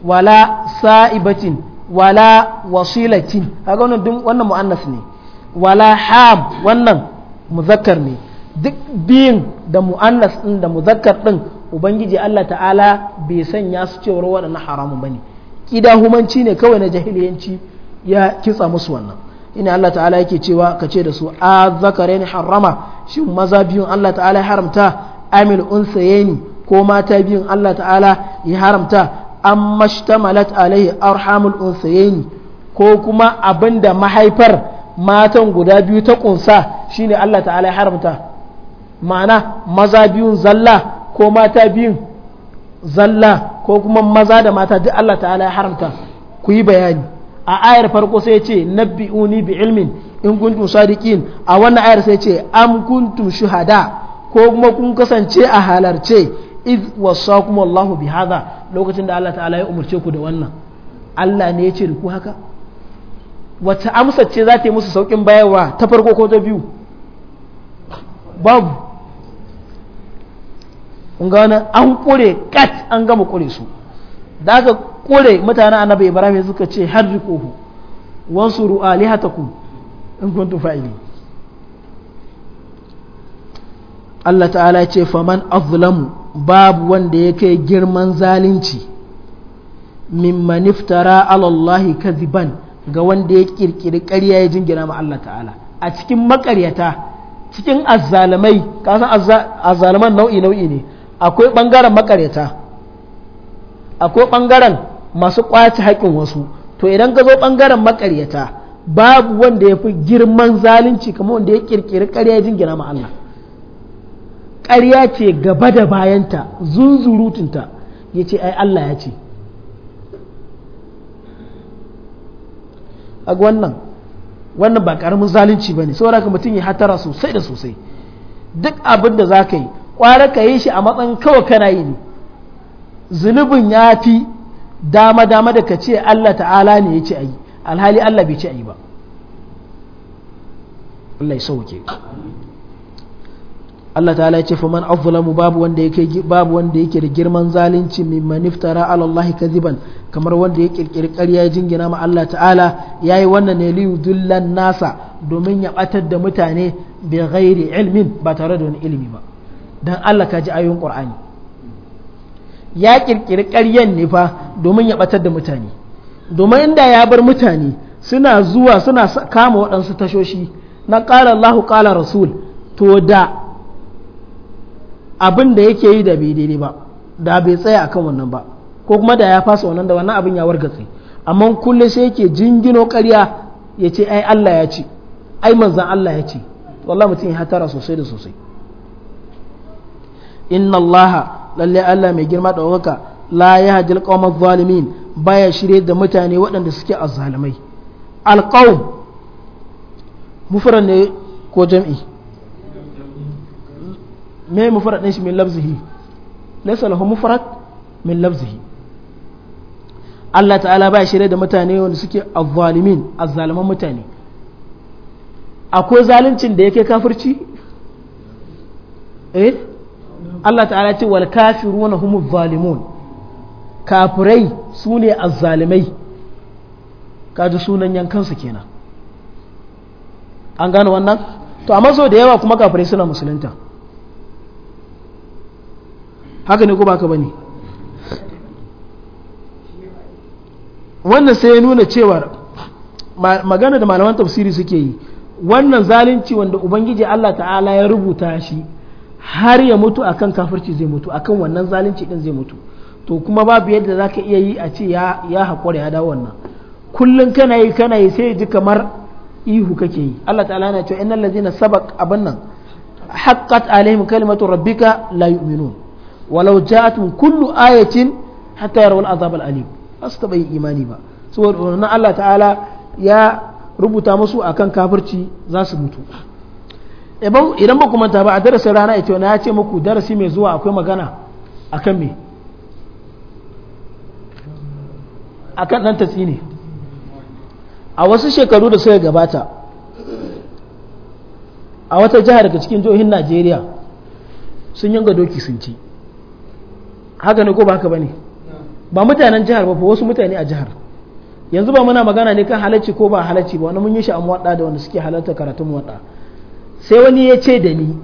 wala sa'ibatin wala wasilatin kaga wannan duk wannan mu'annas ne wala ham wannan muzakkar ne duk biyun da mu'annas ɗin da muzakkar ɗin ubangiji Allah ta'ala bai sanya su cewar waɗannan haramun ƙida humanci ne kawai na jahiliyanci ya kitsa musu wannan ina Allah ta'ala yake cewa ka ce da su a zakare ni harrama shin maza biyun Allah ta'ala ya haramta amil unsayeni ni ko mata biyun Allah ta'ala ya haramta an mashtamalat alaihi arhamul unsayaini ko kuma abinda mahaifar matan guda biyu ta kunsa shine Allah ta'ala ya haramta ma'ana maza biyun zalla ko mata biyun zalla ko kuma maza da mata duk Allah ta'ala ya haramta ku yi bayani a ayar farko sai ce nabbi'uni bi ilmin in kuntum sadiqin a wannan ayar sai ce am kuntum shuhada ko kuma kun kasance a halarce iz wasakum Allahu bi haza lokacin da Allah ta'ala ya umarce ku da wannan Allah ne ya ce da ku haka wacce amsar ce za ta yi musu saukin bayarwa ta farko ko ta biyu babu kun ga an kure kat an gama kure su da aka kure mutanen annabi Ibrahim suka ce harriquhu wansuru alihatakum in kuntum fa'ilin Allah ta'ala ya ce faman azlamu babu wanda ya kai girman zalunci mimman iftara alallahi kaziban ga wanda ya kirkiri ƙarya ya jingina ma Allah ta'ala a cikin makaryata cikin azzalamai kasan azzalaman nau'i nau'i ne akwai ɓangaren makaryata akwai ɓangaren masu ƙwace haƙƙin wasu to idan ka zo ɓangaren makaryata babu wanda ya fi girman zalunci kamar wanda ya kirkiri ƙarya ya jingina ma Allah ƙarya ce gaba da bayanta zunzurutunta ya ce ai Allah ya ce a wannan wannan ba ƙaramin zalunci ba ne saboda mutum ya hatara sosai da sosai duk abin da za ka yi ƙwara ka yi shi a matsayin kawai kana yi ne zunubin ya fi dama-dama da ka ce Allah ta'ala ne ya ce a alhali Allah bai ce ayi ba Allah ya sauke. Allah ta ya ce fa man azlamu babu wanda yake babu wanda yake da girman zalunci min maniftara ala Allah kadiban kamar wanda ya kirkiri ƙarya ya jingina ma Allah ta'ala yayi wannan ne li yudullan nasa domin ya batar da mutane bi ghairi ilmin ba tare da wani ilimi ba dan Allah ka ji ayoyin Qur'ani ya kirkiri ƙaryan ne fa domin ya batar da mutane domin inda ya bar mutane suna zuwa suna kama waɗansu tashoshi na qala Allahu qala rasul to da abin da yake yi da bai daidai ba da bai tsaya akan wannan ba ko kuma da ya fasa wannan da wannan abin ya wargatse amma kullum sai yake jingino ƙarya ya ce ai Allah ya ce ai manzan Allah ya ce wallah mutum ya hatara sosai da sosai inna Allah lalle Allah mai girma da waka la yahdil qawmaz zalimin baya shirye da mutane waɗanda suke azzalimai alqawm mufrad ne ko jam'i me mufarad din shi min lafzihi laysa lahu mufarad min lafzihi Allah ta'ala ba shirye da mutane wanda suke azzalimin azzaliman mutane akwai zaluncin da yake kafirci eh Allah ta'ala ce wal kafiruna humuz zalimun kafirai su ne azzalimai kaji sunan yankansu kenan an gano wannan to amma so da yawa kuma kafirai suna musulunta haka ne ko ba ka bane wannan sai ya nuna cewa magana da malaman tafsiri suke yi wannan zalunci wanda ubangiji Allah ta'ala ya rubuta shi har ya mutu akan kafirci zai mutu akan wannan zalunci din zai mutu to kuma babu yadda za ka iya yi a ce ya haƙura ya dawo wannan kullum kana yi kana yi sai ji kamar ihu kake yi Allah ta'ala yana cewa innal ladzina sabaq abannan nan haqqat alaihim kalimatu rabbika la yu'minun walau ja'atun kullu ayatin hatta yarawul wani al-alim ba su taɓa yi imani ba saboda wannan Allah ta'ala ya rubuta musu akan kafirci za su mutu idan ba kuma ba a darasin rana ita na ya ce muku darasi mai zuwa akwai magana akan me akan dan tatsi a wasu shekaru da suka gabata a wata jihar daga cikin jihohin Najeriya sun yanga doki sun ci haka ne ko ba haka ba ne ba mutanen jihar ba wasu mutane a jihar yanzu ba muna magana ne kan halacci ko ba halacci ba wani mun yi shi a waɗa da wanda suke halarta karatun waɗa sai wani ya ce da ni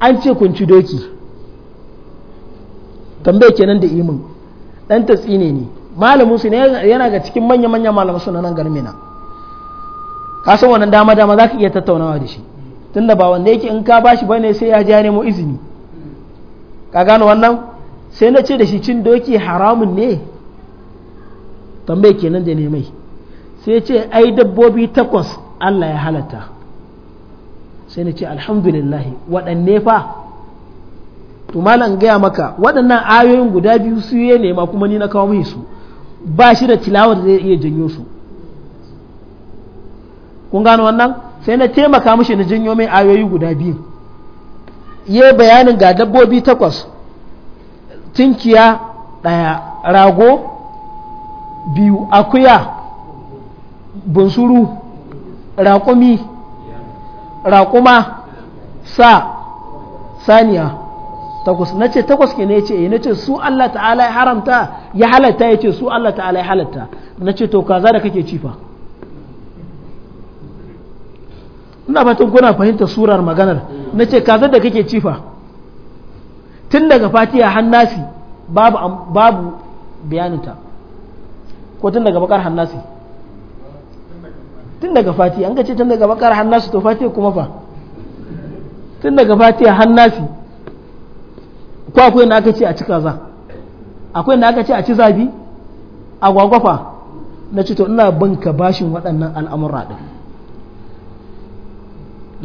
an ce kun ci doki tambaye kenan da imin dan tatsine ne malamin su ne yana ga cikin manya manya malamin su na nan garmina ka san wannan dama dama za ka iya tattaunawa da shi tunda ba wanda yake in ka bashi bane sai ya ja nemo izini ka gano wannan sai na ce da shi cin doki haramun ne tambaye kenan da ne mai sai ce ai dabbobi takwas Allah ya halatta sai na ce alhamdulillahi waɗanne fa to malam gaya maka waɗannan ayoyin guda biyu su ya nema kuma ni na kawo mai su ba shi da tilawar zai iya janyo su kun gano wannan sai na taimaka mishi na janyo mai ayoyi guda biyu ya bayanin ga dabbobi takwas Cinkiya ɗaya rago biyu akuya bunsuru raƙumi raƙuma sa saniya takwas na ce takwas ke ne ce eh, na ce su Allah ta'ala ya haramta ya halatta ya ce su Allah ta'ala ya halatta na ce to kaza da kake cifa ina fatan kuna fahimta surar maganar na ce kaza da kake cifa tun daga fatiha hannasi babu babu bayaninta ko tun daga bakar hannasi tun daga fatiha an ga ce tun daga bakar hannasi to fatiha kuma fa tun daga fatiha hannasi ko akwai na aka ce a ci kaza akwai na aka ce a ci zabi a gwagwafa na ce to ina banka bashin waɗannan al'amurra ɗin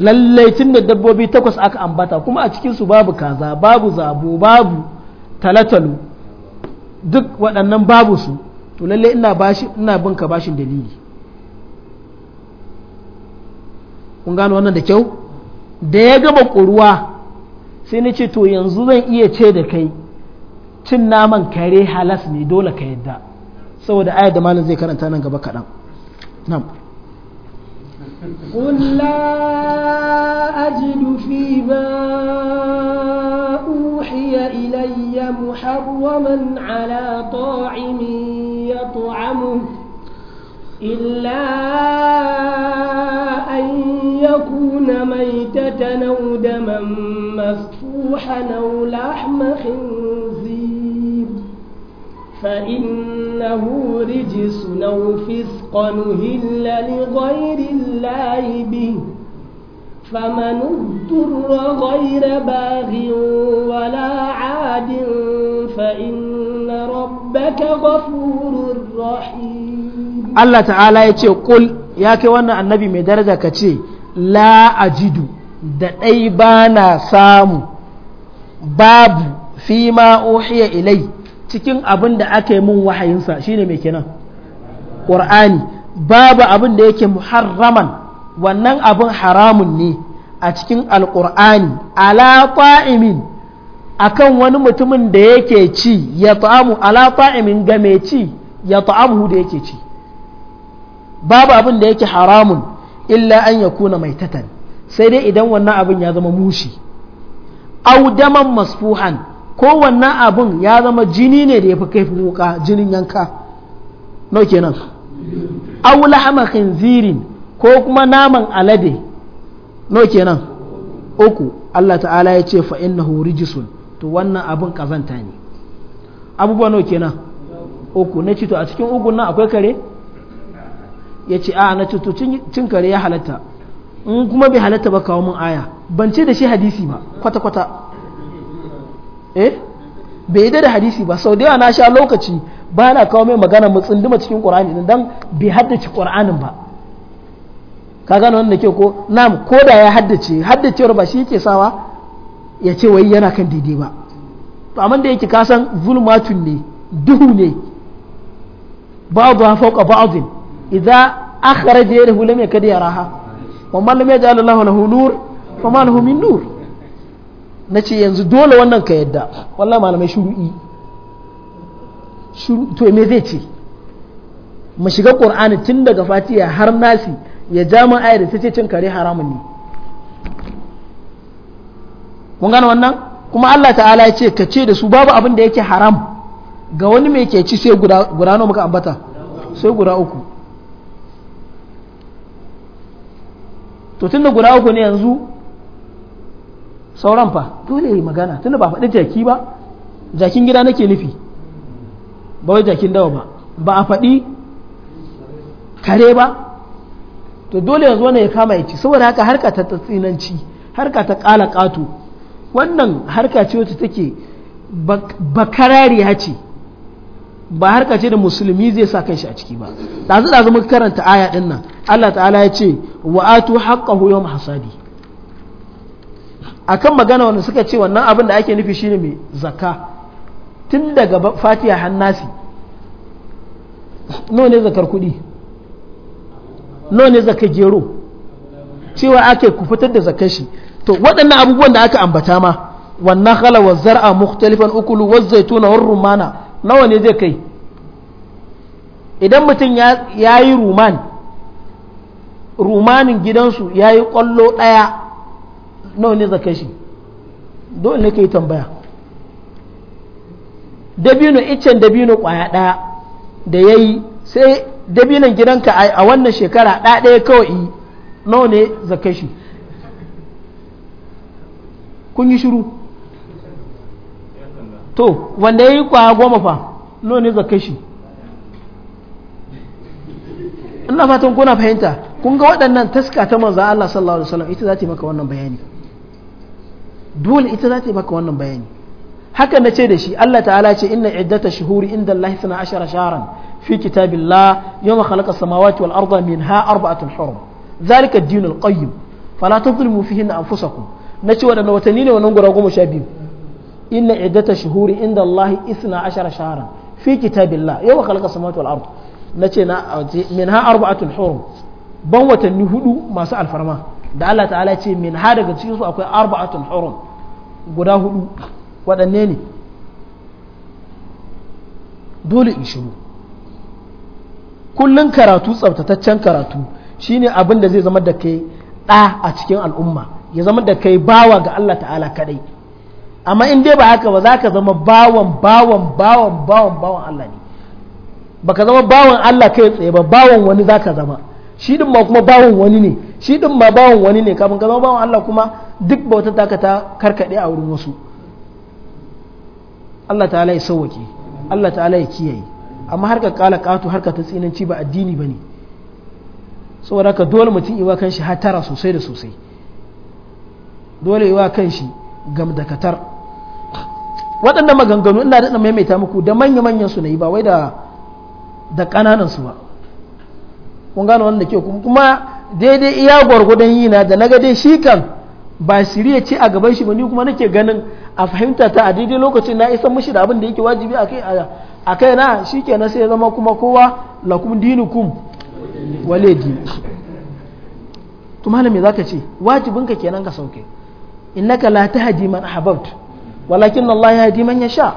lallai tun da dabbobi takwas aka ambata kuma a cikinsu babu kaza babu zabo babu talatalu duk waɗannan babu su to lallai ina bashi ina bin ka bashin dalili kun gano wannan da kyau da ya gama ƙuruwa sai ni ce to yanzu zan iya ce da kai cin naman kare halas ne dole ka yadda saboda ayar da malam zai karanta nan gaba kaɗan. قل لا أجد فيما أوحي إلي محرما على طاعم يطعمه إلا أن يكون ميتة أو دما مسفوحا أو لحم خنزير فإنه رجس أو فسق قد أهل لغير الله به فمن اضطر غير باغ ولا عاد فإن ربك غفور رحيم الله تعالى يقول قل يا كوانا النبي مدرجة كتير لا أجد da ɗai ba na samu babu fi ma ohiya ilai cikin abin da aka yi min wahayinsa shine mai kenan ƙur'ani babu abin da yake muharraman wannan abin haramun ne a cikin alƙur'ani ala a akan wani mutumin da yake ci ya ta'amu ala ga mai ci ya ta'amu da yake ci babu abin da yake haramun illa an ya kuna mai tatan sai dai idan wannan abin ya zama mushi audaman masfuhan ko wannan abin ya zama jini ne da ya fi kaifin wuka jinin yanka nau kenan aw lahma khinzirin ko kuma naman alade no kenan uku Allah ta'ala ya ce fa innahu rijsun to wannan abin kazanta ne abubuwa no kenan uku na ce to a cikin ugun nan akwai kare ya ce a na ce to cin kare ya halatta in kuma bai halatta ba kawo mun aya ban ce da shi hadisi ba kwata-kwata eh bai da hadisi ba sau da yawa na sha lokaci ba na kawo mai magana mu tsunduma cikin qur'ani dan bai haddace qur'anin ba ka gano wanda ke ko nam ko da ya haddace haddacewar ba shi yake sawa ya ce wai yana kan daidai ba to amma da yake kasan zulmatun ne duhu ne idan fawqa kare idza akhraja yadahu lam yakad yaraha wa man lam yaj'al Allahu lahu nur fa ma lahu min nur nace yanzu dole wannan ka yadda wallahi malamai shuru'i to me zai ce mu shiga qur'ani tun daga fatiha har nasi ya ja mu ayar ta ce cin kare haramun ne kun gane wannan kuma Allah ta'ala ya ce ka ce da su babu abin da yake haram ga wani mai ke ci sai guda guda nawa muka ambata sai guda uku to tunda guda uku ne yanzu sauran fa dole yi magana tunda ba faɗi jaki ba jakin gida nake nufi ba wai jakin dawa ba ba a faɗi kare ba to dole yanzu wani ya kama ya ci saboda haka harka ta tsinanci harka ta ƙala ƙato wannan harka ce wacce take bakarariya ce ba harka ce da musulmi zai sa kanshi a ciki ba ɗazu ɗazu muka karanta aya ɗin nan Allah ta'ala ya ce wa'atu haqqahu yawm hasadi akan magana wanda suka ce wannan abin da ake nufi shine mai zakka tun daga fatiha hannasi no ne zakar kuɗi no ne zakar gero cewa ake ku fitar da zakar shi to waɗannan abubuwan da aka ambata ma wannan khala wa zar'a mukhtalifan ukulu wa zaituna wa rumana nawa ne zai kai idan mutum ya yi ruman rumanin gidansu ya yi ƙwallo ɗaya nawa ne zakar shi dole ne ka yi tambaya dabino iccen dabino kwaya ɗaya da ya yi sai dabinon gidanka a wannan shekara ɗaya ɗaya kawai nawa ne zakai shi kun yi shiru to wanda ya yi kwaya goma fa nawa ne zakai shi ina fatan kuna fahimta kun ga waɗannan taska ta manzan Allah sallallahu alaihi wasallam ita za ta yi maka wannan bayani dole ita za ta yi maka wannan bayani haka na ce da shi Allah ta'ala ce inna iddata shuhuri inda Allah suna ashara sharan fi kitabillah yawma khalaqa samawati wal arda minha arba'atun hurum zalika ad-din al-qayyim fala tadhlimu fihin anfusakum ce wadannan watanni ne wannan gura goma sha biyu inna iddata shuhuri inda Allah isna ashara sharan fi kitabillah yawma khalaqa samawati wal arda ce na min ha arba'atun hurum ban watanni hudu masu alfarma da Allah ta'ala ce min ha daga cikin su akwai arba'atun hurum guda hudu waɗanne ne dole in shiru kullum karatu tsabtataccen karatu shine abin da zai zama da kai ɗa a cikin al'umma ya zama da kai bawa ga Allah ta'ala kadai amma in dai ba haka ba za ka zama bawan bawan bawan bawan bawan Allah ne ba ka zama bawan Allah kai tsaye ba bawan wani za ka zama shi din ma kuma bawan wani ne shi din ma bawan wani ne kafin ka zama bawan Allah kuma duk bautar taka ta karkade a wurin wasu Allah ta'ala ya sauwake Allah ta'ala ya kiyaye amma harka kala katu harka ta tsinanci ba addini ba bane saboda ka dole mutum iwa kan shi hatara sosai da sosai dole iwa kan shi katar waɗannan maganganu ina da maimaita muku da manya-manyan su na yi ba wai da da ba kun gano wanda ke kuma daidai iya gwargwadon yi na da na ga dai shi kan ba shirya ce a gaban shi ba ni kuma nake ganin a fahimta ta a daidai lokacin na isan mishi da abin da yake wajibi a kai a kai na shi na sai ya zama kuma kowa lakum dinukum wale dini to malami zaka ce wajibin ka kenan ka sauke innaka la tahdi man ahbabt walakin Allah yahdi man yasha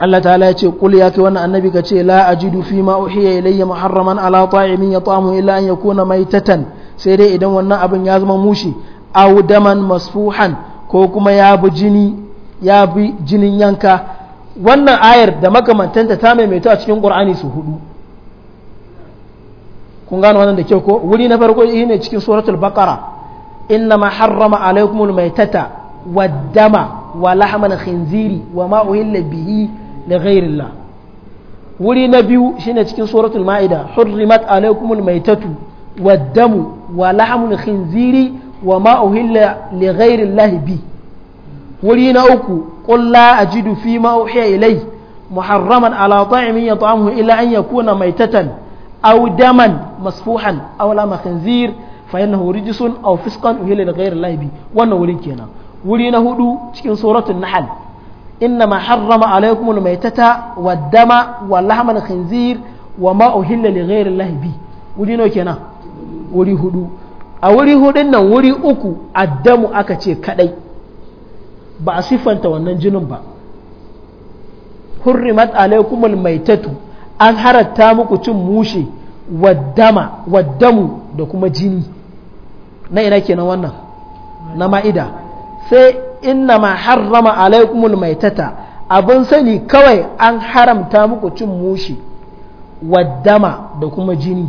Allah ta'ala ya ce kul ya kai wannan annabi ka ce la ajidu fi ma uhiya ilayya muharraman ala ta'imin yata'amu illa an yakuna maitatan sai dai idan wannan abin ya zama mushi aw daman masfuhan ko kuma ya bi jini ya bi jinin yanka wannan ayar da makamantanta ta maimaita a cikin qur'ani su hudu kun gano wannan da kyau ko wuri na farko ne cikin suratul baqara innama harrama alaykumul maitata waddama wa lahman khinziri wa ma uhilla bihi li ghairillah wuri na biyu shine cikin suratul ma'ida hurrimat alaykumul maitatu waddamu wa lahmul khinziri وما أهل لغير الله بي ولينا أكو قل لا أجد فيما أوحي إلي محرما على طعم يطعمه إلا أن يكون ميتة أو دما مسفوحا أو لا خنزير فإنه رجس أو فسقا أهل لغير الله بي وانا ولينا ولينا هدو تكين سورة النحل إنما حرم عليكم الميتة والدم واللحم الخنزير وما أهل لغير الله بي ولينا كنا ولي هدو a wuri hudun nan wuri uku addamu aka ce kadai ba a siffanta wannan jinin ba hurrimat alaikumul maitatu an haratta muku cin mushe waddama waddamu da kuma jini na ina kenan wannan na ma'ida sai inna ma harrama alaikumul maitata abin sani kawai an haramta muku cin mushe waddama da kuma jini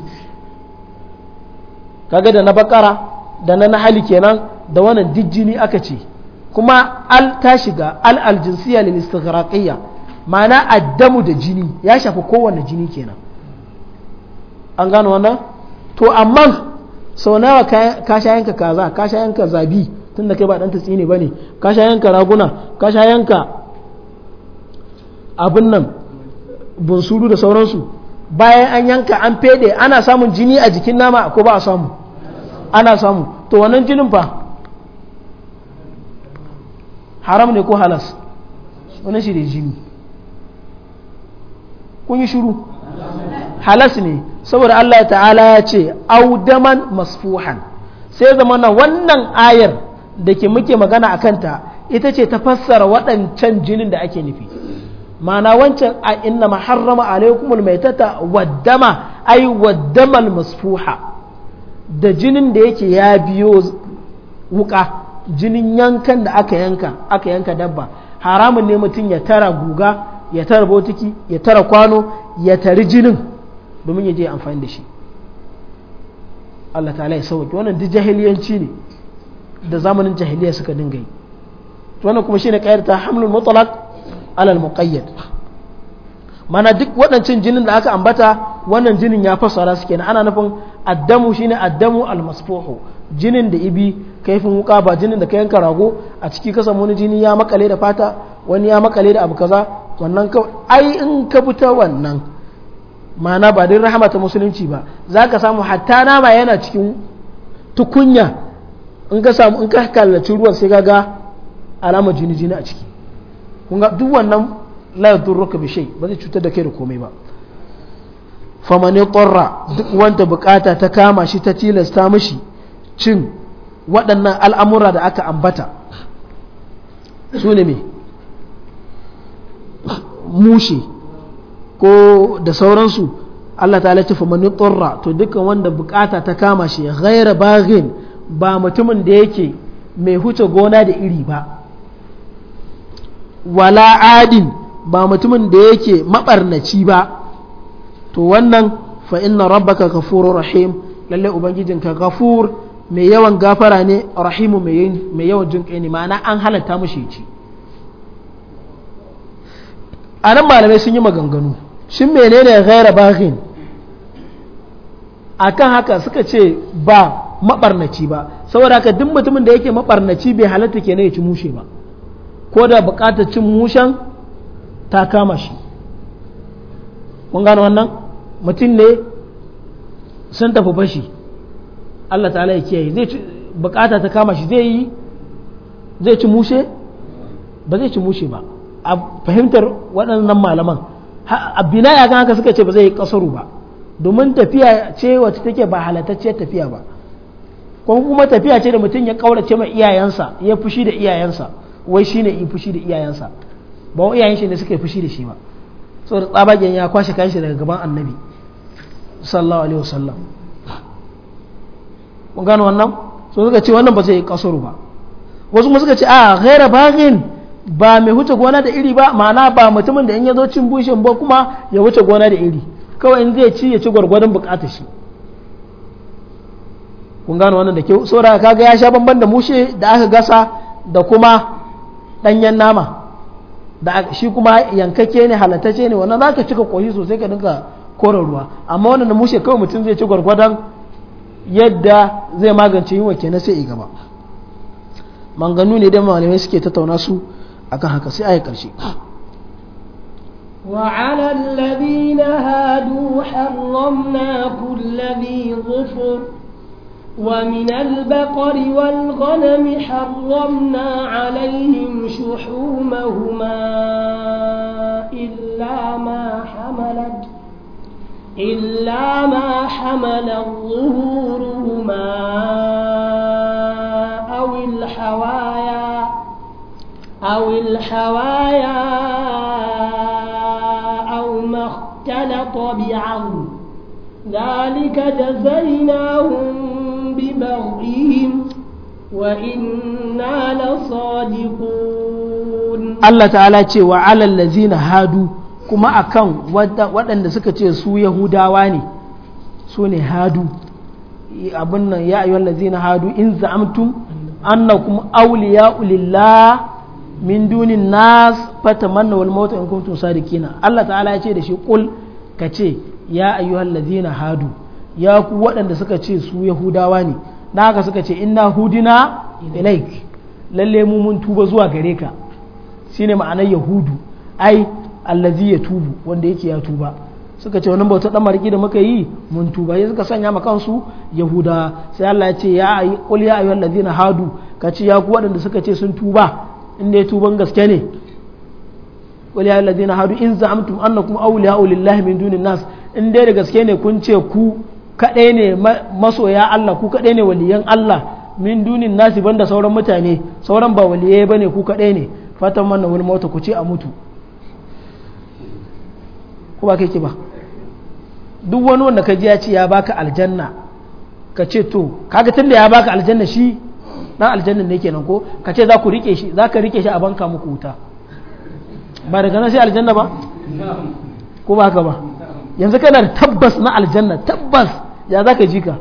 kaga da na bakara da na nahali kenan da wannan dijjini aka ce kuma al ta shiga al aljinsiya lil istighraqiyya ma'ana addamu da jini ya shafi kowanne jini kenan an gano wannan to amma sau nawa ka shayanka kaza ka shayanka zabi tunda kai ba dan ta tsine bane ka shayanka raguna ka shayanka yanka abin nan bunsuru da sauransu bayan an yanka an fede ana samun jini a jikin nama ko ba a samu ana samu to wannan jinin fa haram ne ko halas wani shi da jini kun yi shuru halas ne saboda Allah ta'ala ya ce audaman masfuhan sai zama wannan ayar da ke muke magana a kanta ita ce ta fassara waɗancan jinin da ake nufi mana wancan a inna maharrama alaikumul maitata waddama ai waddamal masfuha da jinin da yake ya biyo wuka jinin yankan da aka yanka aka yanka dabba haramun ne mutum ya tara guga ya tara botiki ya tara kwano ya tari jinin domin ya je amfani da shi Allah ta ya sauki wannan duk jahiliyanci ne da zamanin jahiliya suka dinga yi wannan kuma shine kayar ta hamlul mutlaq alal muqayyad mana duk waɗancan jinin da aka ambata wannan jinin ya fasara suke kenan ana nufin addamu shine addamu almasfuhu jinin da ibi kaifin wuka ba jinin da ka yanka rago a ciki ka samu wani jini ya makale da fata wani ya makale da abu kaza wannan ka ai in ka fita wannan ma'ana ba din rahama ta musulunci ba za ka samu hatta nama yana cikin tukunya in ka samu in ka kallaci ruwan sai gaga ga alamar jini jini a ciki kun ga duk wannan la yadurruka bi shay ba zai cutar da kai da komai ba famani ƙorra duk wanda bukata ta kama shi ta tilasta mishi cin waɗannan al'amura da aka ambata su ne mushi ko da sauransu Allah ta ce famani ƙorra to dukkan wanda bukata ta kama shi ghaira baghin ba mutumin da yake mai huce gona da iri ba wala adin ba mutumin da yake maɓarnaci ba to wannan fa inna rabbaka ghafurur rahim lalle ubangijinka ghafur mai yawan gafara ne rahimu mai yawan jinƙai ne ma'ana an halatta mushi ci a nan malamai sun yi maganganu shin menene ghaira baghin akan haka suka ce ba maɓarnaci ba saboda haka duk mutumin da yake maɓarnaci bai halatta kenan ya ci mushe ba ko da bukatar cin mushen ta kama shi kun gano wannan mutum ne sun tafi fashi Allah ta'ala ya kiyaye zai bukata ta kama shi zai yi zai ci mushe ba zai ci mushe ba a fahimtar waɗannan malaman a bina ya haka suka ce ba zai yi kasaru ba domin tafiya ce wacce take ba halatacciyar tafiya ba kuma kuma tafiya ce da mutum ya kaurace ma iyayensa ya fushi da iyayensa wai shine yi fushi da iyayensa ba wa iyayen shi ne suka yi fushi da shi ba saboda tsabagen ya kwashe kashi daga gaban annabi sallallahu alaihi wasallam mun gano wannan so suka ce wannan ba zai kasuru ba wasu suka ce a ghaira baghin ba mai huce gona da iri ba ma'ana ba mutumin da in ya zo cin bushin ba kuma ya wuce gona da iri kawai in zai ci ya ci gwargwadon bukatar shi kun gano wannan da kyau saboda kaga ya sha bamban da mushe da aka gasa da kuma danyen nama da shi kuma yankake ne halatacce ne wannan zaka cika koyi sosai ka dinka koren ruwa amma wannan mushe kawai mutum zai ci gwargwadon yadda zai magance yiwa kenan sai i gaba manganu ne da malamai suke tattauna su akan haka sai ayi karshe وعلى الذين هادوا حرمنا كل ذي ظفر ومن البقر والغنم حرمنا عليهم شحومهما إلا ما حملت إلا ما حمل ظهورهما أو الحوايا أو الحوايا أو ما اختلط بعظم ذلك جزيناهم ببغيهم وإنا لصادقون الله تعالى hadu kuma akan waɗanda suka ce su yahudawa ne sune hadu abin nan ya ayyuhal ladzina hadu in za'amtum annakum awliya'u lillah min dunin nas fatamanna wal mautu in kuntum sadiqina Allah ta'ala ya ce da shi kul kace ya ayyuhal ladzina hadu ya ku waɗanda suka ce su yahudawa ne na haka suka ce inna hudina ilaik lalle mu mun tuba zuwa gare ka shine ma'anar yahudu ai allazi ya tubu wanda yake ya tuba suka ce wannan bauta dan mariki da muka yi mun tuba sai suka sanya ma kansu yahuda sai Allah ya ce ya ayi qul ya ayyuhal ladina hadu ce ya ku waɗanda suka ce sun tuba in dai tuban gaske ne qul ya ayyuhal ladina hadu in za'amtum annakum awliya'u lillahi min dunin nas in dai da gaske ne kun ce ku kaɗai ne masoya Allah ku kaɗai ne waliyan Allah min dunin nasi banda sauran mutane sauran ba waliyai bane ku kaɗai ne fatan manna wani mota ku ce a mutu ko ba kai ba duk wani wanda ka ji ya ce ya baka aljanna ka ce to kaga tunda ya baka aljanna shi dan aljanna ne kenan ko ka ce za ku rike shi za ka rike shi a banka muku wuta ba daga nan sai aljanna ba ko ba ka ba yanzu kana da tabbas na aljanna tabbas ya za ka ji ka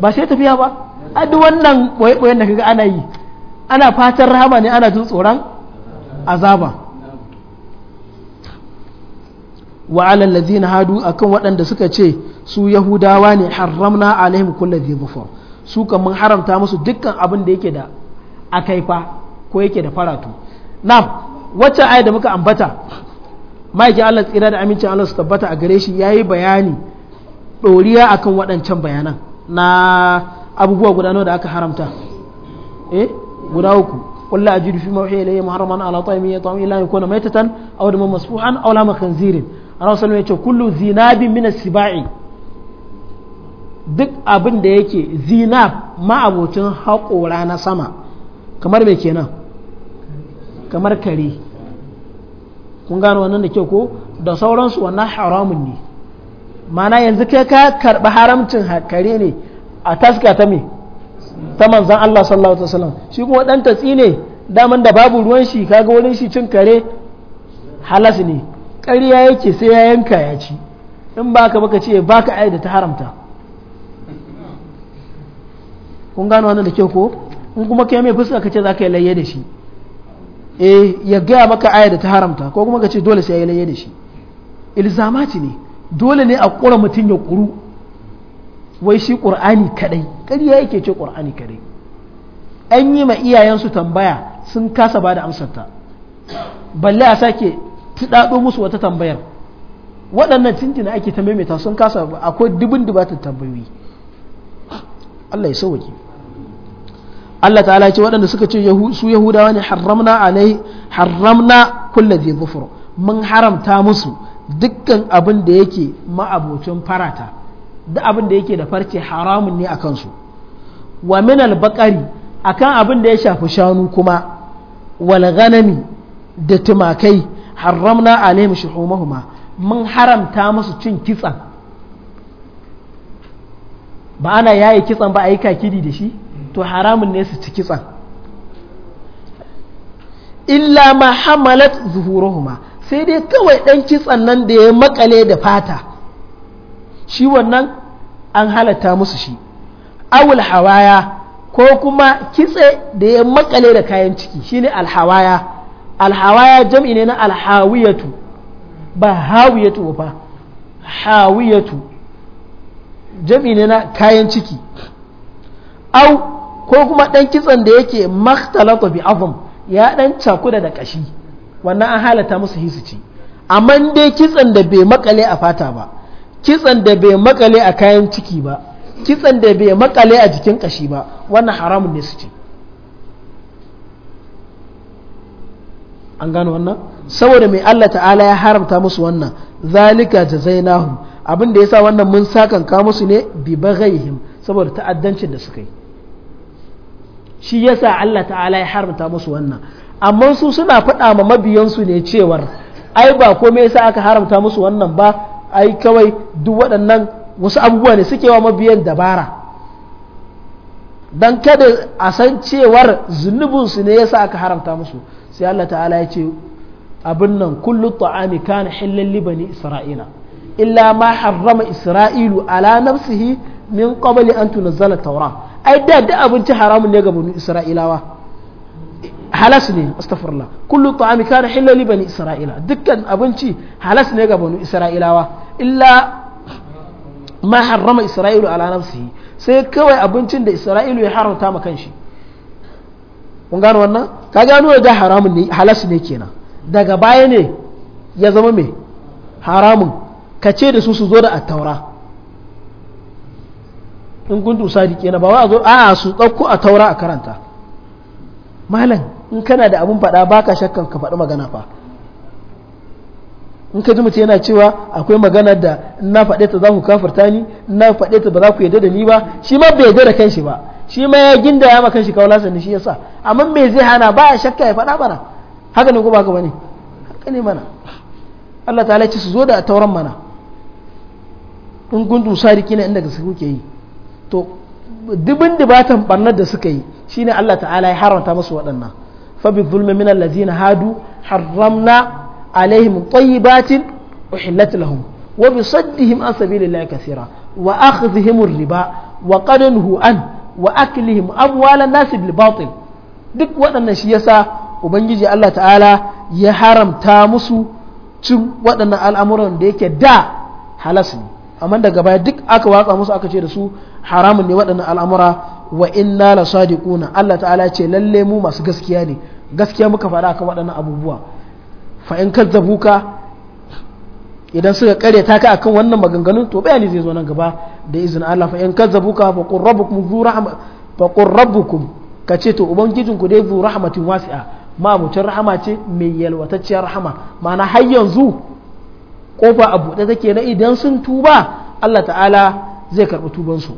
ba sai tafiya ba a duk wannan ɓoye-ɓoyen da kaga ana yi ana fatan rahama ne ana jin tsoron azaba wa alal hadu akan waɗanda suka ce su yahudawa ne haramna alaihim kullu zai su kan mun haramta musu dukkan abin da yake da akaifa ko yake da faratu na wacce aya da muka ambata ma'aikin Allah tsira da amincin Allah su tabbata a gare shi ya yi bayani ɗoriya akan waɗancan bayanan na abubuwa guda da aka haramta eh guda uku qul la ajidu fi ma uhiya ilayya muharraman ala ta'imi yat'am illa an yakuna maytatan aw daman masfuhan aw lama khanzirin ana ya yace kullu zinabi min as-sibai duk abin da yake zinab ma abocin haƙora na sama kamar me kenan kamar kare kun gano wannan da ke ko da sauransu wannan haramun ne mana yanzu kai ka karɓi haramcin kare ne a taska ta me ta manzan Allah sallallahu alaihi wasallam shi kuma dan tatsi ne daman da babu ruwan shi kaga wurin shi cin kare halas ne ƙarya yake sai ya yanka ya ci in baka baka ce baka ai da ta haramta kun gano wannan da kyau ko in kuma kai mai fuska kace zaka yi layye da shi eh ya gaya maka aya da ta haramta ko kuma kace dole sai ya yi layye da shi ilzamati ne dole ne a ƙura mutum ya ƙuru wai shi ƙur'ani kaɗai, ƙarya yake ce ƙur'ani kaɗai. an yi ma iyayensu tambaya sun kasa ba da amsarta balle a sake tuɗaɗo musu wata tambayar waɗannan tintina ake ta sun kasa akwai dubin dubatar tambayoyi Allah ya sauwake Allah ta'ala ce waɗanda suka ce su yahudawa ne haramna alai haramna kulla zai mun haramta musu dukkan abin da yake ma'abocin farata duk abin da yake da farce haramun ne a kansu wa min albaqari akan abin da ya shafi shanu kuma wal ganami da tumakai haramna alaihim shuhumahuma mun haramta musu cin kitsan ba ana yayi kitsan ba a yi kakiri da shi to haramun ne su ci kitsan illa ma hamalat zuhuruhuma sai dai kawai ɗan kitsan nan da ya makale da fata shi wannan an halatta musu shi awul hawaya ko kuma kitse da ya makale da kayan ciki shine alhawaya alhawaya jam'i ne na alhawiyatu ba hawiyatu ba hawiyatu jam'i ne na kayan ciki au ko kuma ɗan kitson da yake makhtalata bi azum ya ɗan cakuda da ƙashi. wannan an halata musu hisu ce amma dai kitsan da bai makale a fata ba kitsan da bai makale a kayan ciki ba kitsan da bai makale a jikin kashi ba wannan haramun ne su ce an gano wannan saboda mai Allah ta'ala ya haramta musu wannan zalika jazainahum abin da yasa wannan mun ka musu ne bi baghaihim saboda ta'addancin da suka yi shi yasa Allah ta'ala ya haramta musu wannan amma su suna faɗa ma mabiyansu ne cewar ai ba komai yasa aka haramta musu wannan ba ai kawai duk waɗannan wasu abubuwa ne suke wa mabiyan dabara dan kada a san cewar zunubinsu ne yasa aka haramta musu sai Allah ta'ala ya ce abin nan kullu ta'ami kana hillan li bani isra'ila illa ma harrama isra'ilu ala nafsihi min qabli an tunzala tawra ai da da abinci haramun ne ga bani isra'ilawa halas ne astaghfirullah kullu ta'ami kana halal li bani isra'ila dukkan abinci halas ne ga bani isra'ilawa illa ma harrama isra'ilu ala nafsihi sai kawai abincin da isra'ilu ya haramta ma kanshi kun gano wannan ka gano da haramun ne halas ne kenan daga baya ne ya zama mai haramun ka ce da su su zo da attaura in kuntu sadiki na ba wa zo a su dauko a taura a karanta malam in kana da abin faɗa ka shakkan ka faɗi magana fa in ka ji mutum yana cewa akwai magana da na faɗe ta za ku kafirta ni na faɗe ta ba za ku yarda da ni ba shi ma bai yarda da kanshi ba shi ma ya ginda ya maka kanshi kawla sanni shi yasa amma me zai hana ba ya shakka ya faɗa mana haka ne ko ba ka bane haka ne mana Allah ta'ala ce su zo da tauran mana in gundu sariki ne inda su kuke yi to dubin dubatan barnar da suka yi shine Allah ta'ala ya haramta musu waɗannan fabi zulmi min allazina hadu harramna alaihim tayyibatin uhillat lahum wa bi saddihim an sabilillahi kathira wa akhdhihim riba wa qad an wa aklihim amwala nas bil batil duk waɗannan shi yasa ubangiji Allah ta'ala ya haramta musu cin waɗannan al'amuran da yake da halas ne amma daga baya duk aka watsa musu aka ce da su haramun ne waɗannan al'amura wa inna la sadiquna Allah ta'ala ce lalle mu masu gaskiya ne gaskiya muka faɗa akan waɗannan abubuwa fa in kazzabuka idan suka kare ta ka akan wannan maganganun to bayani zai zo nan gaba da izinin Allah fa in kazzabuka fa qur rabbukum zu rahma fa qur rabbukum kace to ubangijinku dai zu rahmatin wasi'a ma ma'abucin rahama ce mai yalwatacciyar rahama ma'ana har yanzu kofa a buɗe take na idan sun tuba Allah ta'ala zai karɓi tubansu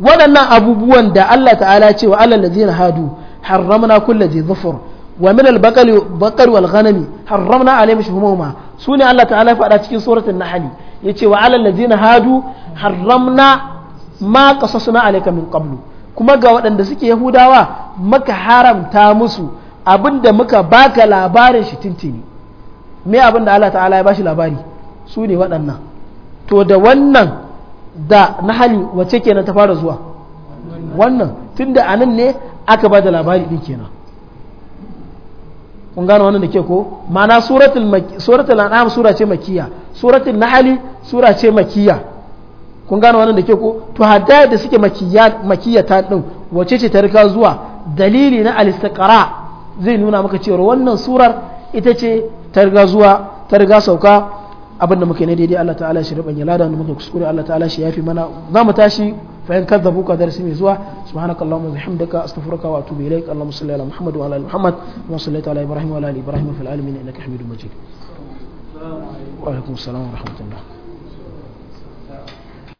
waɗannan abubuwan da Allah ta'ala ce wa alal ladzina hadu harramna kulle dhi zufur wa min al wal ghanami harramna alayhim shuhumahuma sune Allah ta'ala faɗa cikin suratul ya ce wa alal ladzina hadu harramna ma qasasna alayka min qablu kuma ga waɗanda suke yahudawa muka haramta musu abinda muka baka labarin shi tintini me abinda Allah ta'ala ya bashi labari su ne waɗannan to da wannan da na hali wace kenan ta fara zuwa wannan tun da anan ne aka ba da labari ɗin kenan kun gano wannan da ke ko ma'ana suratul an'am sura ce makiya suratul hali sura ce makiya kun gano wannan da ke ko to hadda da suke makiya ta ɗin wace ce ta rika zuwa dalili na alistakara zai nuna maka cewa wannan surar ita ce ta riga zuwa ta riga sauka da muke ne daidai Allah ta'ala shi rubanya ladan muke kuskure Allah ta'ala shi yafi mana za mu tashi fa in kadzabu ka darasi mai zuwa subhanakallahumma wa bihamdika astaghfiruka wa atubu ilaik allahumma salli ala muhammad wa ala ali muhammad wa salli ala ibrahim wa ala ali ibrahim fil alamin innaka hamidum majid wa alaikum assalam wa rahmatullah